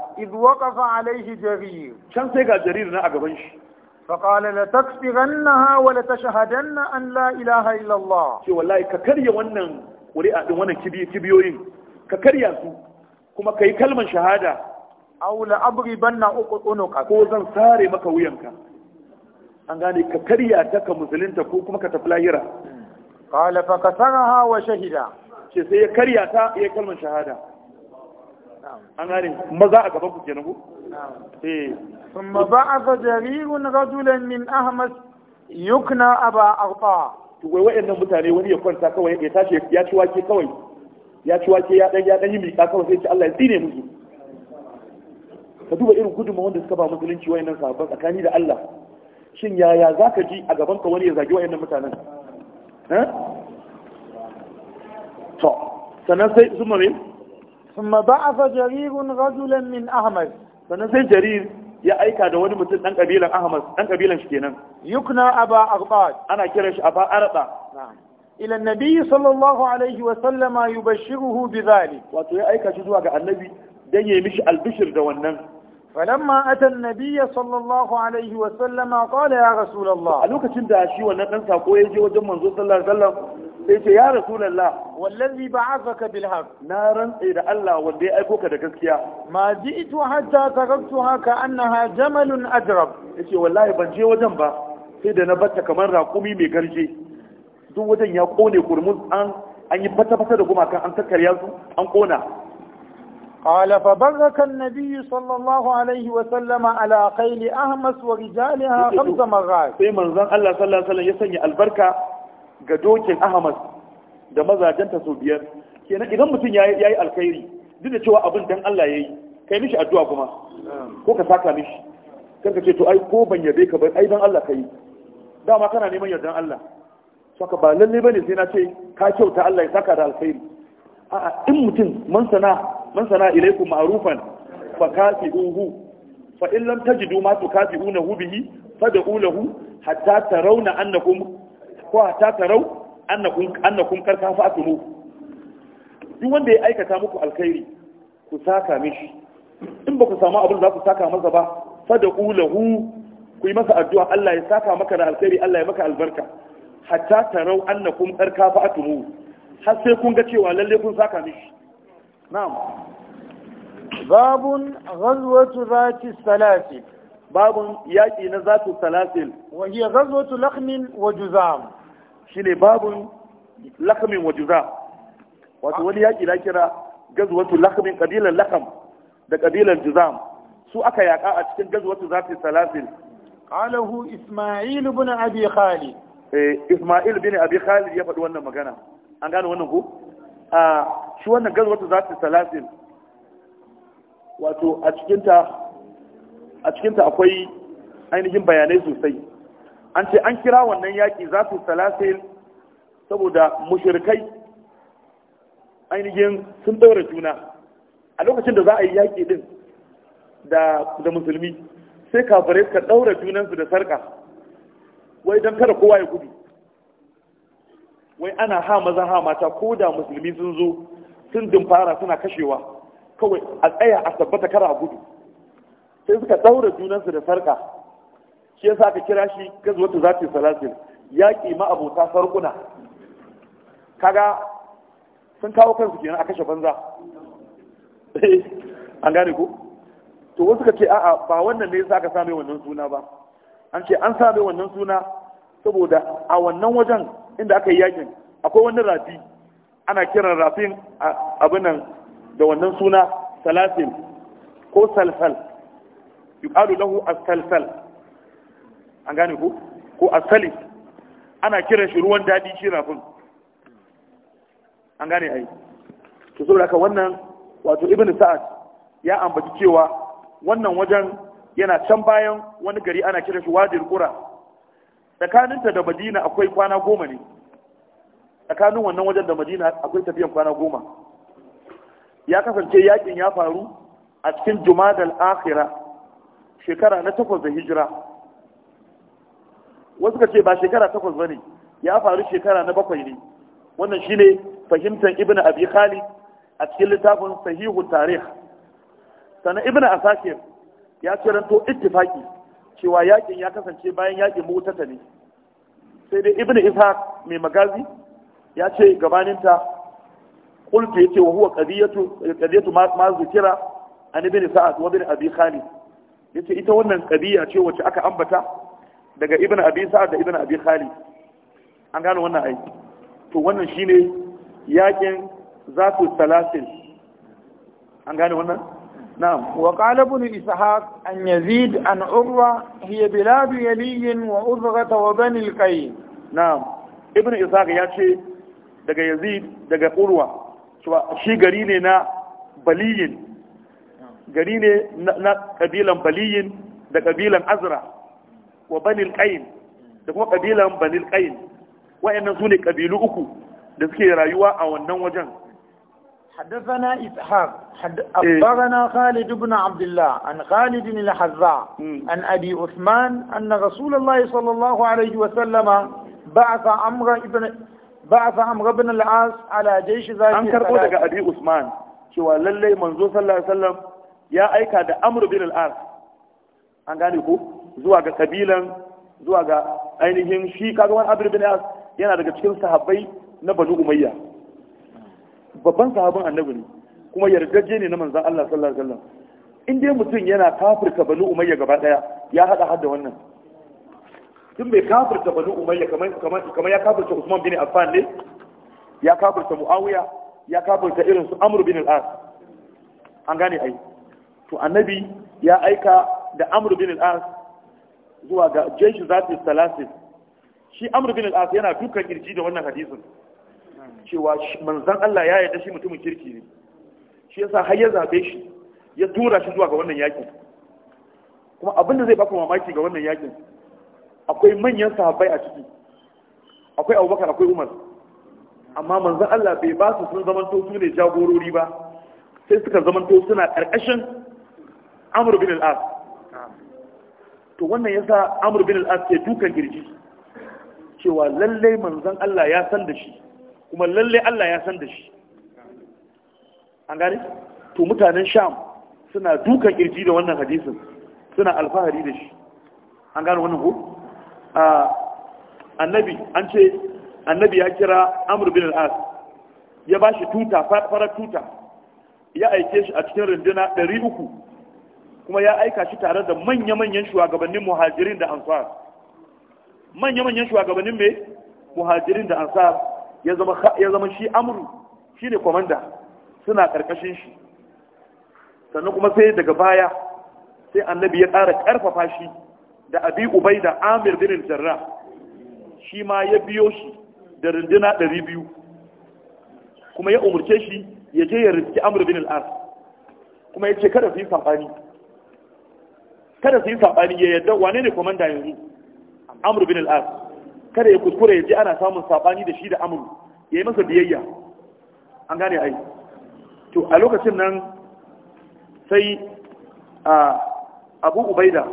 Speaker 2: alayhi jarir can sai ga jarir na a gaban shi فقال لتكفرنها ولتشهدن أن لا إله إلا الله شو والله ka ونن ورئة ونن كبيوين ككريا كما كي كلمة شهادة أو لأضربن أنك كوزن ساري مكوينك an gane ka karya ta ka musulunta ko kuma ka tafi lahira qala fa kasaraha wa shahida ce sai ya karya ta ya kalmar shahada
Speaker 1: an gane maza
Speaker 2: a gaban ku kenan ku eh ثم بعث جرير رجلا من أهمس a أبا أغطاء wai wa'annan mutane wani ya kwanta ya tashi ya ci wake kawai ya ci wake ya ya dan yi miƙa kawai sai ce Allah ya tsine musu ka duba irin gudunmawa wanda suka ba musulunci wa'annan sahabban tsakani da Allah shin yaya zaka ji a gaban ka wani ya zagi wa'annan mutanen sannan sai zuma ne ثم بعث جرير رجلا من أحمد sannan sai jarir ya aika da wani mutum ɗan kabilan Ahmad ɗan kabilan shi kenan yukna aba aghbad ana kiran shi aba arda ila nabi sallallahu alaihi wa sallama yubashshiruhu bidhalik wato ya aika shi zuwa ga annabi dan yayi mishi albishir da wannan فلما أتى النبي صلى الله عليه وسلم قال يا رسول الله لوكا تندا شي wannan dan sako yaje wajen manzo sallallahu alaihi wasallam sai ce ya rasulullah wallazi ba'athaka bil haq na rantse da Allah wanda ya aiko ka da gaskiya ma ji'tu hatta taraktuha haka, annaha jamalun ajrab yace wallahi ban je wajen ba sai da na batta kamar raƙumi mai garje duk wajen ya kone kurmus an an yi fata-fata da gumakan an kakkarya su an kona قال فبرك النبي صلى الله عليه وسلم على خيل أهمس ورجالها خمس مرات في منظر الله صلى الله عليه وسلم يسني البركة ga dokin ahmad da mazajenta sau biyar kenan idan mutum ya yi alkhairi duk da cewa abin dan Allah ya yi kai mishi addu'a kuma ko ka saka mishi kan ka ce to ai ko ban yabe ka ba ai dan Allah ka yi dama kana neman yardan Allah saka ba lalle ne sai na ce ka kyauta Allah ya saka da alkhairi a'a in mutum man sana man sana ilaikum ma'rufan fa kafi'uhu fa in lam tajidu ma tukafi'unahu bihi fad'u lahu hatta rauna annakum ko hatta tarau annakum annakum karka fa'atumu duk wanda ya aikata muku alkhairi ku saka mishi in ba ku samu abin da za ku saka masa ba fada'u lahu ku yi masa addu'a Allah ya saka maka da alkhairi Allah ya maka albarka hatta tarau an na annakum karka fa'atumu har sai kun ga cewa lalle kun saka mishi na'am babun ghazwatu zati salasil babun yaki na zatu salasil wa hiya ghazwatu lakhmin wa juzam shine babun lakamin wa juza wato wani yaƙi na kira gazuwatu lakamin ƙabilan lakam da ƙabilan juzam su aka yaƙa a cikin gazwatu zati salasil qalahu isma'il ibn abi khalid eh isma'il ibn abi khalid ya faɗi wannan magana an gane wannan ko a shi wannan gazwatu zati salasin, wato a a cikinta akwai ainihin bayanai sosai an ce an kira wannan yaƙi za su salasil saboda mushirkai ainihin sun ɗaura juna a lokacin da za a yi yaƙi ɗin da musulmi sai kafirai suka ɗaura junansu da sarƙa wai don kada kowa ya gudu wai ana ha maza ha mata ko da musulmi sun zo sun dimfara suna kashewa kawai a tsaya a tabbata kara a gudu sai suka ɗaura junansu da sarka. shi yasa ka kira shi gazwatu zati salasin, yaƙi ma abota sarkuna kaga sun kawo kansu kenan a kashe banza eh, an gane ku to wasu ka ce a'a ba wannan ne yasa ka same wannan suna ba an ce an same wannan suna saboda a wannan wajen inda aka yi yakin akwai wani rafi ana kiran rafin abin nan da wannan suna salasin ko salsal yuqalu lahu as-salsal an gane ko ko asali ana kiran shi ruwan dadi shi rafin an gane ai to saboda haka wannan wato ibn sa'ad ya ambaci cewa wannan wajen yana can bayan wani gari ana kiran shi wadir qura tsakaninta da madina akwai kwana goma ne tsakanin wannan wajen da madina akwai tafiyan kwana goma ya kasance yakin ya faru a cikin jumadal akhira shekara na takwas da hijira wasu ka ce ba shekara takwas ba ne ya faru shekara na bakwai ne wannan shi ne fahimtar ibn abi khalid a cikin littafin sahihu tarih sannan ibn asakir ya ce ranto ittifaki cewa yakin ya kasance bayan yakin mutata ne sai dai ibn ishaq mai magazi ya ce gabaninta ya yace wa huwa qadiyatu ma zikira an ibn sa'ad wa ibn abi khalid yace ita wannan qadiya ce wacce aka ambata daga ibn abi sa'ad da ibn abi khali an gano wannan aiki to wannan shine yakin zatu salasil an gane wannan na'am wa qala ibn ishaq an yazid an urwa hiya bilad yali wa uzghata wa bani al-qayn na'am ibn ishaq ya ce daga yazid daga urwa shi gari ne na baliyin gari ne na kabilan baliyin da kabilan azra wa banil qayn da kuma kabilan banil qayn wayannan sune kabilu uku da suke rayuwa a wannan wajen حدثنا إسحاق حد... أخبرنا خالد بن عبد الله عن خالد الحذاء عن أبي عثمان أن رسول الله صلى الله عليه وسلم بعث عمرو بن بعث عمرو بن العاص على جيش ذات أنكر قولك أبي عثمان شو للي منزول صلى الله عليه وسلم يا أيكا ده عمرو بن العاص أنقاني zuwa ga kabilan zuwa ga ainihin shi kaga wani abir bin as yana daga cikin sahabbai na banu umayya babban sahabin annabi ne kuma yardaje ne na manzon Allah sallallahu alaihi wasallam in dai mutum yana kafirta banu umayya gaba daya ya hada hadda wannan tun bai kafirta banu umayya kamar kamar ya kafirta Usman bin Affan ne ya kafirta Muawiya ya kafirta irin su Amr bin al-As an gane ai to annabi ya aika da Amr bin al-As zuwa ga jeshi zafi salasis shi amur bin al'asa yana dukan kirji da wannan hadisin cewa manzan Allah ya yarda shi mutumin kirki ne shi yasa har ya zabe shi ya tura shi zuwa ga wannan yakin kuma abin da zai baka mamaki ga wannan yakin akwai manyan sahabbai a ciki akwai Abubakar akwai Umar amma manzan Allah bai ba su sun zamanto su ne jagorori ba sai suka zamanto suna ƙarƙashin amur bin al'asa to wannan yasa amr bin al-as ke dukan girji cewa lalle manzon Allah ya san da shi kuma lalle Allah ya san da shi an gane to mutanen sham suna dukan girji da wannan hadisin suna alfahari da shi an gane wannan ko A annabi an ce annabi ya kira amr bin al-as ya ba shi tuta farar tuta ya aike shi a cikin rundunar 300 kuma ya aika shi tare da manya-manyan shugabannin muhajirin da ansar manya-manyan shugabannin mai muhajirin da ansar ya zama shi amuru shi ne kwamanda suna karkashin shi sannan kuma sai daga baya sai annabi ya ƙara ƙarfafa shi da abi ubai da amir bin jarra shi ma ya biyo shi da runduna 200 kuma ya umarce shi ya je ya rinci amir bin al'ar kuma ya ce kada su yi samfani kada su yi sabani ya yadda wane ne komanda yanzu Amur bin al'as kada ya kuskure ya ji ana samun sabani da shi da Amur ya yi masa biyayya an gane ai to a lokacin nan sai a abu ubaida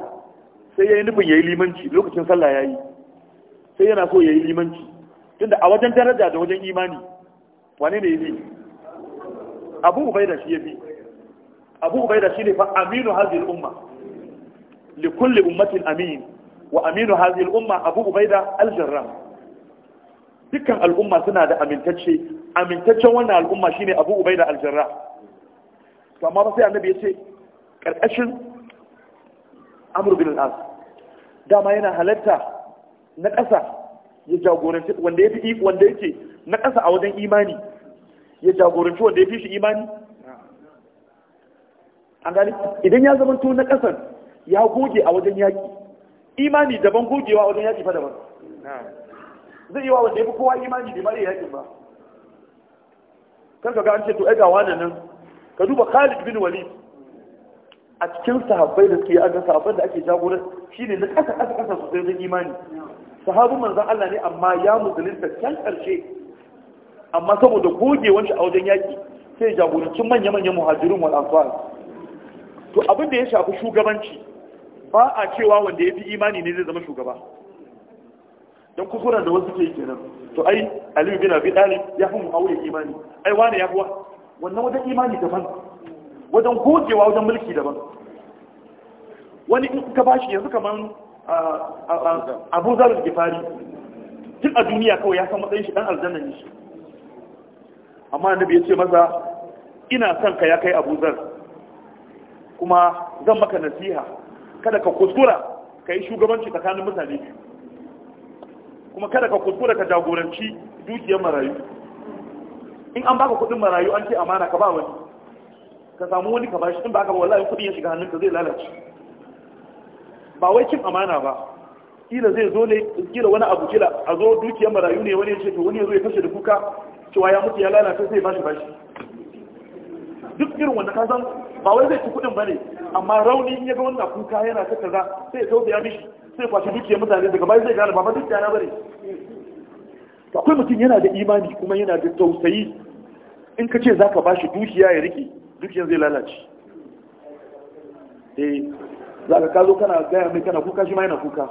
Speaker 2: sai ya yi nufin ya yi limanci lokacin sallah ya yi sai yana so ya yi limanci tunda a wajen daraja da wajen imani wane ne ya yi abu ubaida shi ya fi abu ubaida shi ne fa aminu hazil umma li kulli ummatin amin wa aminu hadhihi al-umma Abu Ubaida al-Jarrah dukkan al'umma suna da amintacce amintaccen wannan al'umma shine Abu Ubaida al-Jarrah to amma ba sai annabi ya ce karkashin Amr al-As dama yana halatta na ƙasa ya jagoranci wanda ya fi wanda yake na ƙasa a wajen imani ya wanda ya fi shi imani idan ya zama na ƙasar ya goge a wajen yaƙi imani daban gogewa a wajen yaƙi fa daban zai yi wa wanda ya fi kowa imani da mara yaƙin ba kan ka ga an ce to ga wani nan ka duba khalid bin walid a cikin sahabbai da suke an ga abinda da ake jagorar shine na ƙasa ƙasa ƙasa sosai zai imani sahabin manzan Allah ne amma ya musulunta can ƙarshe amma saboda goge wancan a wajen yaƙi sai jagorancin manya-manyan muhajirin wal'afuwa to abin da ya shafi shugabanci ba a cewa wanda ya fi imani ne zai zama shugaba don kusuran da wasu ke yi kenan to ai aliyu bin abi dalib ya fi aure imani ai wane ya fi wannan wajen imani daban wajen gogewa wajen mulki daban wani in ka bashi yanzu kamar abu zarar gifari duk a duniya kawai ya san matsayin shi dan aljanna ne shi amma annabi ya ce maza ina son ka ya kai abu zar kuma zan maka nasiha kada ka kuskura ka yi shugabanci tsakanin mutane kuma kada ka kuskura ka jagoranci dukiyar marayu in an baka kudin marayu an ce amana ka ba wani ka samu wani ka bashi in baka ba wallahi kudin ya shiga hannunka zai lalace ba wai cin amana ba kila zai zo ne kila wani abu kila a zo dukiyar marayu ne wani ya ce to wani ya zo ya kashe da kuka cewa ya mutu ya lalace sai bashi bashi duk irin wanda ka san ba wai zai ci kuɗin ba ne amma rauni in ya ga wannan kuka yana ta kaza sai ya tausaya mishi sai ya kwashe dukiyar mutane daga bai zai gane ba ba dukiya na bane akwai mutum yana da imani kuma yana da tausayi in ka ce za ka ba shi dukiya ya rike dukiyar zai lalace eh za ka kazo kana gaya mai kana kuka shi ma yana kuka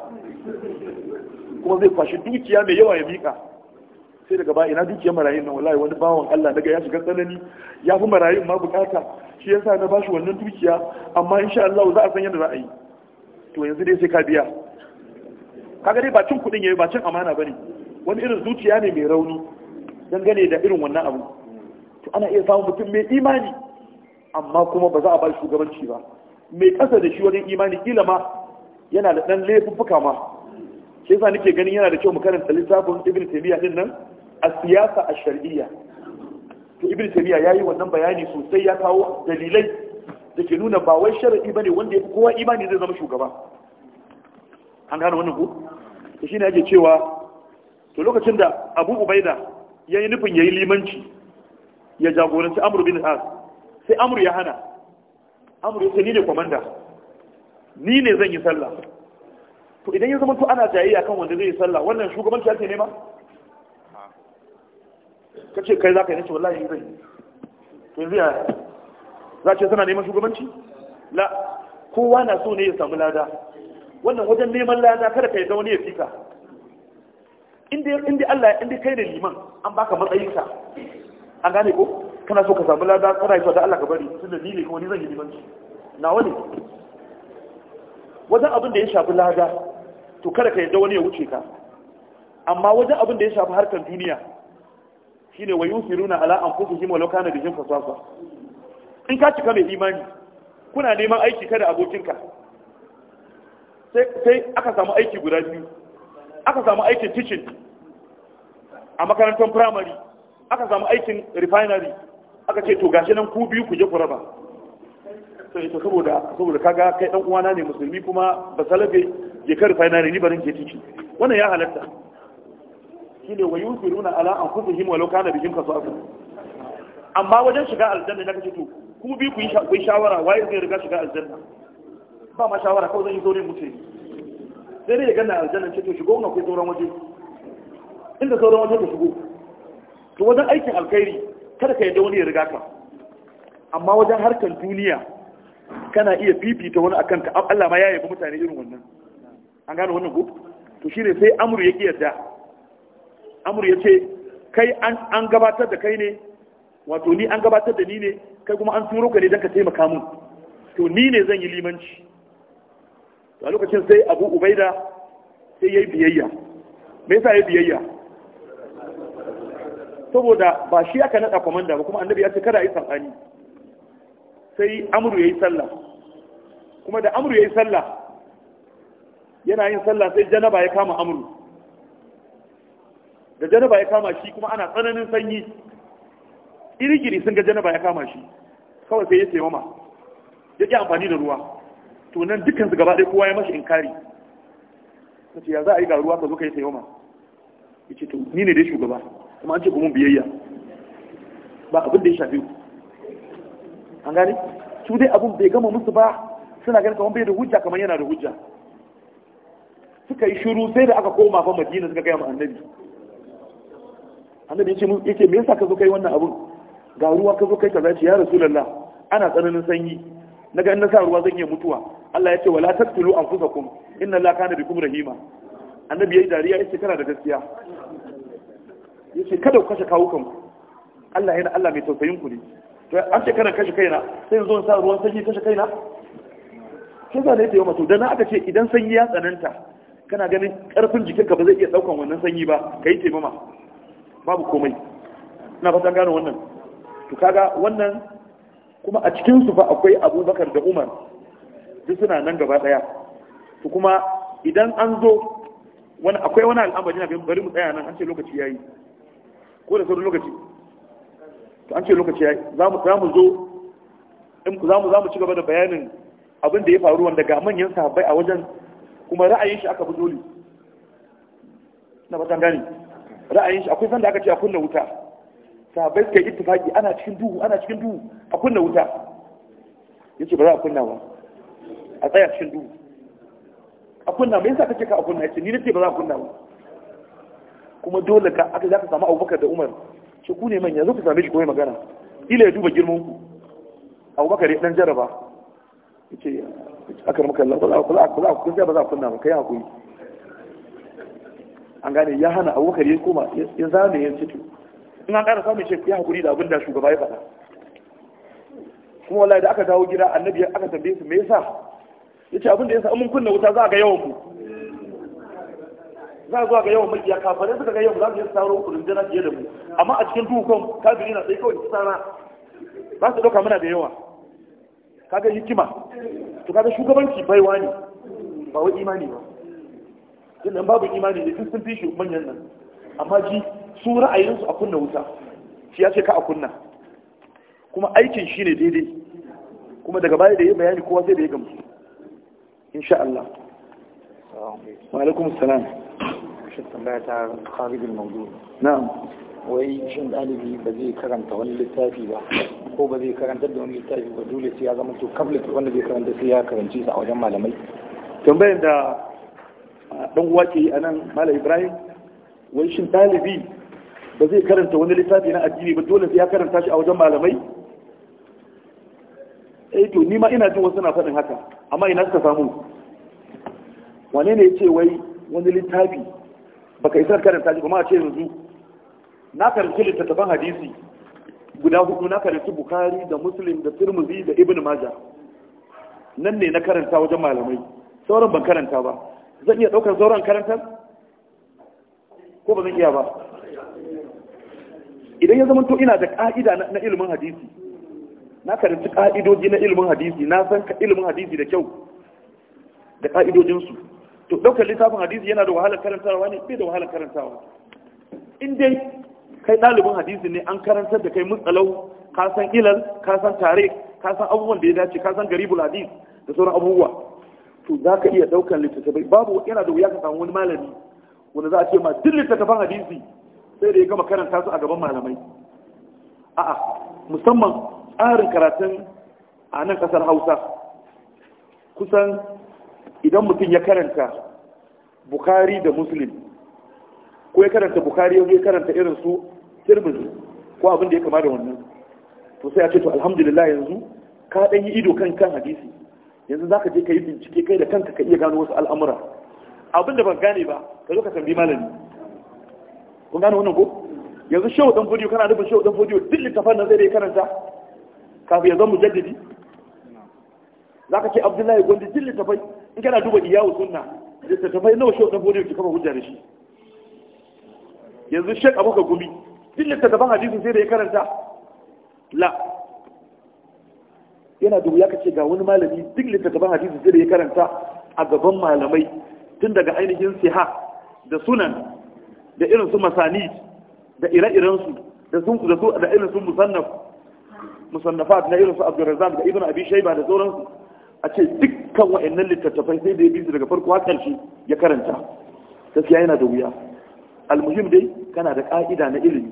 Speaker 2: kuma zai kwashi dukiya mai yawa ya miƙa sai daga ba ina dukiyar marayun nan wallahi wani bawan Allah daga ya shiga tsanani ya fi marayun ma bukata shi yasa na bashi wannan dukiya amma insha Allah za a san yadda za a yi to yanzu dai sai ka biya kaga dai ba cin kuɗin yayi ba cin amana bane wani irin zuciya ne mai rauni dangane da irin wannan abu to ana iya samun mutum mai imani amma kuma ba za a ba shugabanci ba mai ƙasa da shi wajen imani kila ma yana da ɗan laifuffuka ma shi yasa nake ganin yana da kyau mu karanta littafin ibn taymiya din nan a siyasa a shar'iyya to ibn tabiya yayi wannan bayani sosai ya kawo dalilai da ke nuna ba wai sharadi bane wanda ya fi kowa imani zai zama shugaba an gane wannan ko to shine yake cewa to lokacin da Abu Ubaida yayi nufin yayi limanci ya jagoranci Amr bin As sai Amr ya hana Amr ya ce ni ne komanda ni ne zan yi sallah to idan ya zama to ana jayayya kan wanda zai yi sallah wannan shugabanci ake nema ka ce kai za ka yi nace wallahi zai to yanzu ya za ce tana neman shugabanci la kowa na so ne ya samu lada wannan wajen neman lada kada ka yi wani ya fika inda Allah inda kai ne liman an baka matsayinka an gane ko kana so ka samu lada kana yi da Allah ka bari tun da ni ne kuma ni zan yi limanci nawa ne wajen abin da ya shafi lada to kada ka yadda wani ya wuce ka amma wajen abin da ya shafi harkar duniya shine wa yusiruna ala anfusihim walau kana bihim fasafa in ka cika mai imani kuna neman aiki kada abokinka sai aka samu aiki guda biyu aka samu aikin teaching a makarantar primary aka samu aikin refinery aka ce to gashi nan ku biyu ku je ku raba sai to saboda saboda kaga kai dan uwana ne musulmi kuma ba salafe je ka refinery ni barin ke teaching wannan ya halatta shine wa yusiruna ala anfusihim walau kana bihim kasafu amma wajen shiga aljanna na kace to ku bi ku yi shawara waye zai riga shiga aljanna ba ma shawara kawai zan yi zore mutu sai dai ya gana aljanna ce to shigo na kai sauran waje inda sauran waje ka shigo to wajen aikin alkhairi kada ka yadda wani ya riga ka amma wajen harkar duniya kana iya fifita wani akan ka Allah ma ya yabi mutane irin wannan an gano wannan ko to shine sai amru yake yadda amur ya ce kai an gabatar da kai ne wato ni an gabatar da ni ne kai kuma an turo ka ne don ka taimaka mun to ni ne zan yi limanci a lokacin sai abu ubaida sai ya yi biyayya me yasa ya biyayya saboda ba shi aka naɗa kwamanda ba kuma annabi ya ce kada a yi saɓani sai amuru ya yi sallah kuma da amuru ya yi sallah yana yin sallah sai janaba ya kama amuru da janaba ya kama shi kuma ana tsananin sanyi irigiri sun ga janaba ya kama shi kawai sai ya taimama ya ƙi amfani da ruwa to nan dukkan su gaba ɗaya kowa ya mashi inkari ta ce ya za a yi ga ruwa ka zo ka yi taimama ya ce to ni ne dai shugaba kuma an ce ku mun biyayya ba abin da ya shafi an gane su dai abin bai gama musu ba suna ganin kamar bai da hujja kamar yana da hujja suka yi shiru sai da aka koma fa madina suka gaya ma annabi annabi yace mun yace me yasa ka zo kai wannan abun ga ruwa ka zo kai kaza ce ya rasulullah ana tsananin sanyi naga in na sa ruwa zan iya mutuwa Allah ya ce wala taqtulu anfusakum inna allaha kana bikum rahima annabi yayi dariya yace kana da gaskiya yace kada ku kashe kawukan ku Allah yana Allah mai tausayin ku ne to an ce kana kashe kaina sai zo sa ruwan sanyi kashe kaina sai za da yake yau dan aka ce idan sanyi ya tsananta kana ganin karfin jikinka ba zai iya daukan wannan sanyi ba kai taimama babu komai ina fatan gano wannan to kaga wannan kuma a cikin su fa akwai abubakar da umar duk suna nan gaba daya to kuma idan an zo wani akwai wani al'amari na bari mu tsaya nan an ce lokaci yayi ko da sauran lokaci to an ce lokaci yayi za mu za mu zo in za mu za mu ci gaba da bayanin abin da ya faru wanda ga manyan sahabbai a wajen kuma ra'ayin shi aka bi dole na batan gani ra'ayin shi akwai sanda aka ce a kunna wuta sahabbai suka yi ittifaki ana cikin duhu ana cikin duhu a kunna wuta yace ba za a kunna ba a tsaya cikin duhu a kunna me yasa kake ka a kunna yace ni nace ba za a kunna ba kuma dole ka aka za ka samu Abubakar da Umar ce ku ne manya zo ku same shi ko magana ila ya duba girman ku Abubakar ya dan jaraba yace aka maka Allah ba za a kunna ba kai hakuri an gane ya hana abubakar ya koma ya zame ya cikin in an ƙara samun shekku ya haƙuri da abin da shugaba ya faɗa kuma wallahi da aka dawo gida annabi aka tambaye su me yasa ya ce abin da ya sa mun kunna wuta za a ga yawan ku za a zuwa ga yawan makiya kafare suka ga yawan za su yi tsaro ku rundunar fiye da mu amma a cikin dukkan kafiri na tsaye kawai tsara za su ɗauka mana da yawa kaga hikima to kaga shugabanci baiwa ne ba wai imani ba sannan babu imani ne sun fi shi manyan nan amma ji su ra'ayinsu a kunna wuta shi ya ce ka a kunna kuma aikin shi ne daidai kuma daga baya da ya bayani kowa sai da ya gamsu insha Allah
Speaker 1: wa alaikum salam shi tambaya ta kharibin mawdu na'am wai shin dalibi ba zai karanta wani littafi ba ko ba zai karanta da wani littafi ba dole sai ya zama to kabla wanda zai karanta sai ya karanci sa a wajen malamai
Speaker 2: tambayar da ɗan uwa ke yi anan mala ibrahim wani shin dalibi ba zai karanta wani littafi na addini ba dole sai ya karanta shi a wajen malamai eh to ni ma ina jin wasu na faɗin haka amma ina suka samu wane ne ya ce wai wani littafi baka isar karanta shi kuma a ce yanzu na karanta littattafan hadisi guda hudu na karanta bukari da muslim da tirmidhi da ibn Maja. nan ne na karanta wajen malamai sauran ban karanta ba zan iya ɗaukar zauren karantar ko ba zan iya ba idan ya zama to ina da ƙa'ida na ilimin hadisi na karanci ƙa'idoji na ilimin hadisi na san ilimin hadisi da kyau da ƙa'idojinsu to ɗaukar littafin hadisi yana da wahalar karantarwa ne bai da wahalar karantawa in dai kai ɗalibin hadisi ne an karantar da kai mutsalau ka san ilal ka san tare ka san abubuwan da ya dace ka san garibul hadis da sauran abubuwa to za ka iya ɗaukan littattafai babu yana da wuya ka samu wani malami wanda za a ce ma duk littattafan hadisi sai da ya gama karanta su a gaban malamai a'a musamman tsarin karatun a nan kasar hausa kusan idan mutum ya karanta bukari da muslim ko ya karanta bukari ya karanta irin su sirbin ko abin da ya kama da wannan to sai a ce to alhamdulillah yanzu ka ɗan yi ido kan kan hadisi yanzu za ka je ka yi bincike kai da kanka ka iya gano wasu al'amura abin da ban gane ba ka zo ka tambi malami kun gane wannan ko yanzu shehu dan fodiyo kana nufin shehu dan fodiyo duk littafan nan zai da ya karanta kafin ya zama mujaddidi za ka ce abdullahi gwandi duk littafai in kana duba iyawu sunna littattafai nawa shehu dan fodiyo ki kafa hujja da shi yanzu shek abokan gumi duk littattafan hadisi sai da ya karanta la yana da wuya ka ce ga wani malami duk littattafan hadisi sai da ya karanta a gaban malamai tun daga ainihin siha da sunan da irin su masani da ire iren su, da sun da su da irin su musannaf musannafat na irin su Abdurrazzaq da Ibn Abi Shayba da sauransu a ce dukkan wa'annan littattafai sai da ya bi su daga farko har ya karanta gaskiya yana da wuya almuhim dai kana da ka'ida na ilimi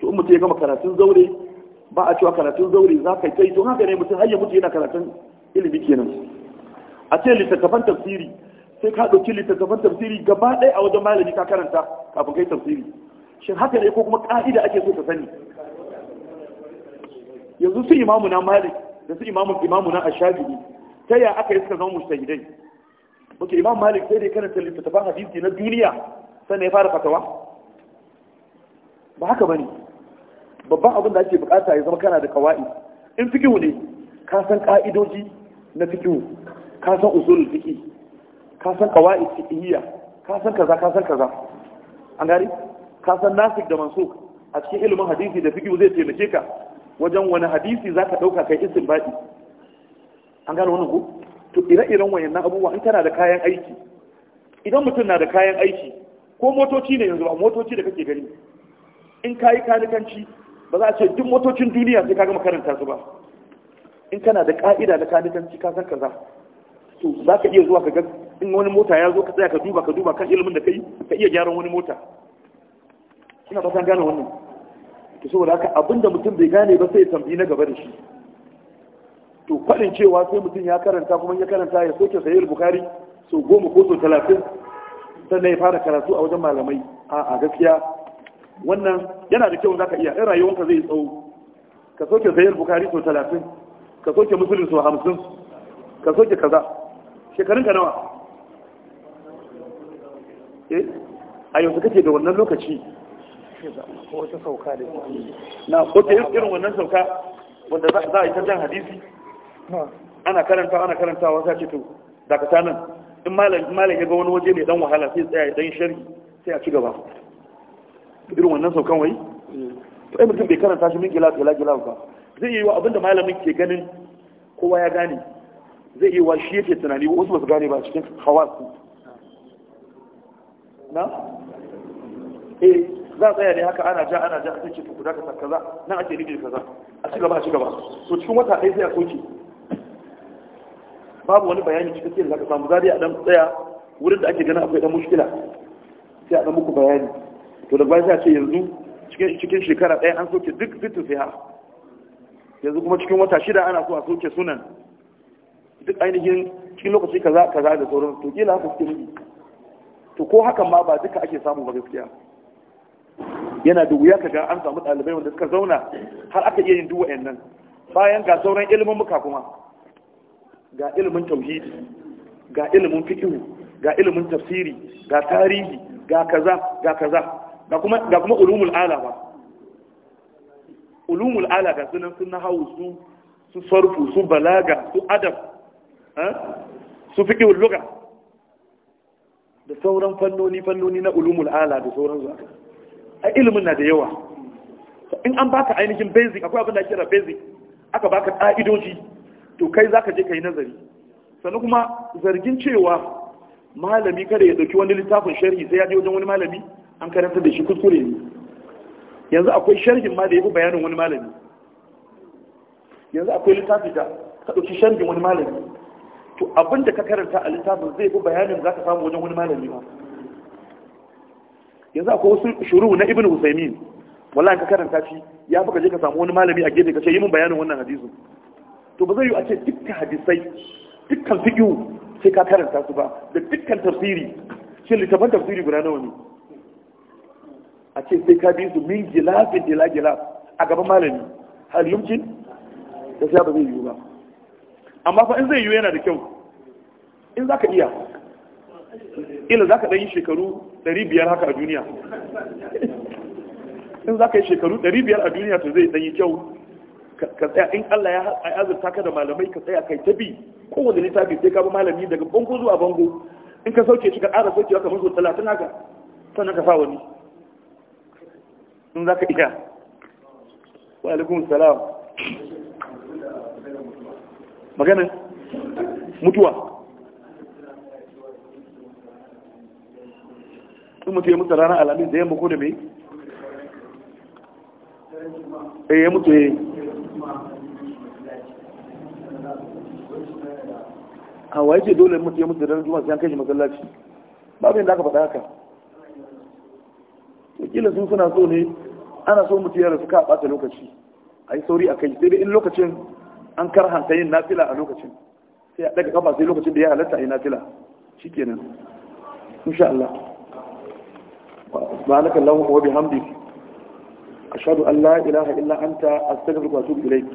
Speaker 2: to in mutum ya gama karatun zaure ba a cewa karatun zaure za ka kai to haka ne mutum har mutu yana karatun ilimi kenan a ce littattafan tafsiri sai ka ɗauki littattafan tafsiri gaba ɗaya a wajen malami ka karanta kafin kai tafsiri shin haka ne ko kuma ƙa'ida ake so ka sani yanzu su imamu na malik da su imamu imamu na ashabi ta ya aka yi suka zama mustahidai muke imam malik sai dai karanta littattafan hadisi na duniya sannan ya fara fatawa ba haka bane babban abin da ake bukata ya zama kana da kawai in fikihu ne ka san ka'idoji na fikihu ka san usul fiki ka san kawai fiqhiyya ka san kaza ka san kaza an gari ka san nasik da mansuk a cikin ilimin hadisi da fikihu zai taimake ka wajen wani hadisi za ka dauka kai baɗi. an gane wani ku to ire-iren wayannan abubuwa in tana da kayan aiki idan mutum na da kayan aiki ko motoci ne yanzu ba motoci da kake gani in kayi kanikanci ba za a ce duk motocin duniya sai ka gama karanta su ba in kana da ka'ida na kanikanci ka san kaza to za ka iya zuwa ka ga in wani mota ya zo ka tsaya ka duba ka duba kan ilimin da kai ka iya gyaran wani mota ina ba gane wannan to saboda haka abinda mutum bai gane ba sai ya tambayi na gaba da shi to faɗin cewa sai mutum ya karanta kuma ya karanta ya soke sahih bukhari so goma ko so talatin sannan ya fara karatu a wajen malamai a gaskiya wannan yana da kyau za ka iya in rayuwanka zai tsawo ka soke sayar bukari sau talatin ka soke musulun sau hamsin ka soke kaza shekarun ka nawa eh? a yanzu kake da wannan lokaci wata sauka da na oke irin wannan sauka wanda za a yi ta jan hadisi ana karanta ana karanta wasa ce to dakata nan, in malam ya ga wani waje mai dan wahala sai tsaya ya dan shari sai a ci gaba irin wannan saukan wai mm. to ai mutum bai karanta shi min gila gila gila ba zai yi wa abinda malamin ke ganin kowa ya gane zai yi wa shi yake tunani wasu ba su gane ba cikin hawasu na eh za a tsaya ne haka ana ja ana ja a cikin kuda ka kaza nan ake rige kaza a ci gaba a ci gaba to cikin wata ɗaya sai a soke babu wani bayani cikin sai da zaka samu zai a dan tsaya wurin da ake ganin akwai dan mushkila sai a dan muku bayani to da ba za ce yanzu cikin shekara ɗaya an soke duk fitin sai ha yanzu kuma cikin wata shida ana so a soke sunan duk ainihin cikin lokaci kaza kaza da sauran to kila haka suke nufi to ko hakan ma ba duka ake samu ba gaskiya yana da wuya ga an samu ɗalibai wanda suka zauna har aka iya yin duwa nan bayan ga sauran ilimin muka kuma ga ilimin tauhidi ga ilimin fiqh ga ilimin tafsiri ga tarihi ga kaza ga kaza ga kuma ga kuma ulumul ala ba ulumul ala ga sunan sun na hau su su sarfu su balaga su adab eh? su fi luga da sauran fannoni fannoni na ulumul ala da sauran zuwa a ilimin na da yawa in an baka ainihin basic akwai abin da kira basic aka baka ka'idoji to kai za zaka je ka yi nazari sannan kuma zargin cewa malami kada ya dauki wani littafin sharhi sai ya je wajen wani malami an karanta da shi kuskure ne yanzu akwai sharhin ma da ya fi bayanin wani malami yanzu akwai littafi da ka ɗauki sharhin wani malami to abin da ka karanta a littafin zai fi bayanin za ka samu wajen wani malami ba yanzu akwai wasu shuru na ibn husaymin wala ka karanta shi ya fi kaje ka samu wani malami a gefe ka ce yi min bayanin wannan hadisin to ba zai yi a ce dukkan hadisai dukkan fiƙi sai ka karanta su ba da dukkan tafsiri shin littafin tafsiri guda nawa ne a ce sai ka bi su min gilafin gila-gila a gaban malami hal yumkin da sai ba zai yiwu ba amma fa in zai yiwu yana da kyau in za ka iya ila za ka ɗan yi shekaru 500 haka a duniya in za ka yi shekaru 500 a duniya to zai ɗan yi kyau ka tsaya in Allah ya azurta ka da malamai ka tsaya kai ta bi kowane littafi sai ka bi malami daga bango zuwa bango in ka sauke shi ka ƙara sauke ka musu talatin haka sannan ka sa wani sun za ka iya wa salam magana mutuwa sun mutu ya mutu ranar alamin da yamma ko da mai
Speaker 1: eh ya mutu eh
Speaker 2: a waye ce dole mutu ya mutu da ranar juma'a sai an kai shi masallaci babu yadda aka faɗa haka wakilin sun suna so ne ana so mutum ya rasu ka ɓata lokaci a yi sauri a kai sai dai in lokacin an karhanta yin nafila a lokacin sai a ɗaga kafa sai lokacin da ya halatta a yi nafila shi kenan insha Allah subhanaka kuma wa bihamdika Ashadu an la ilaha illa anta astaghfiruka wa atubu ilayk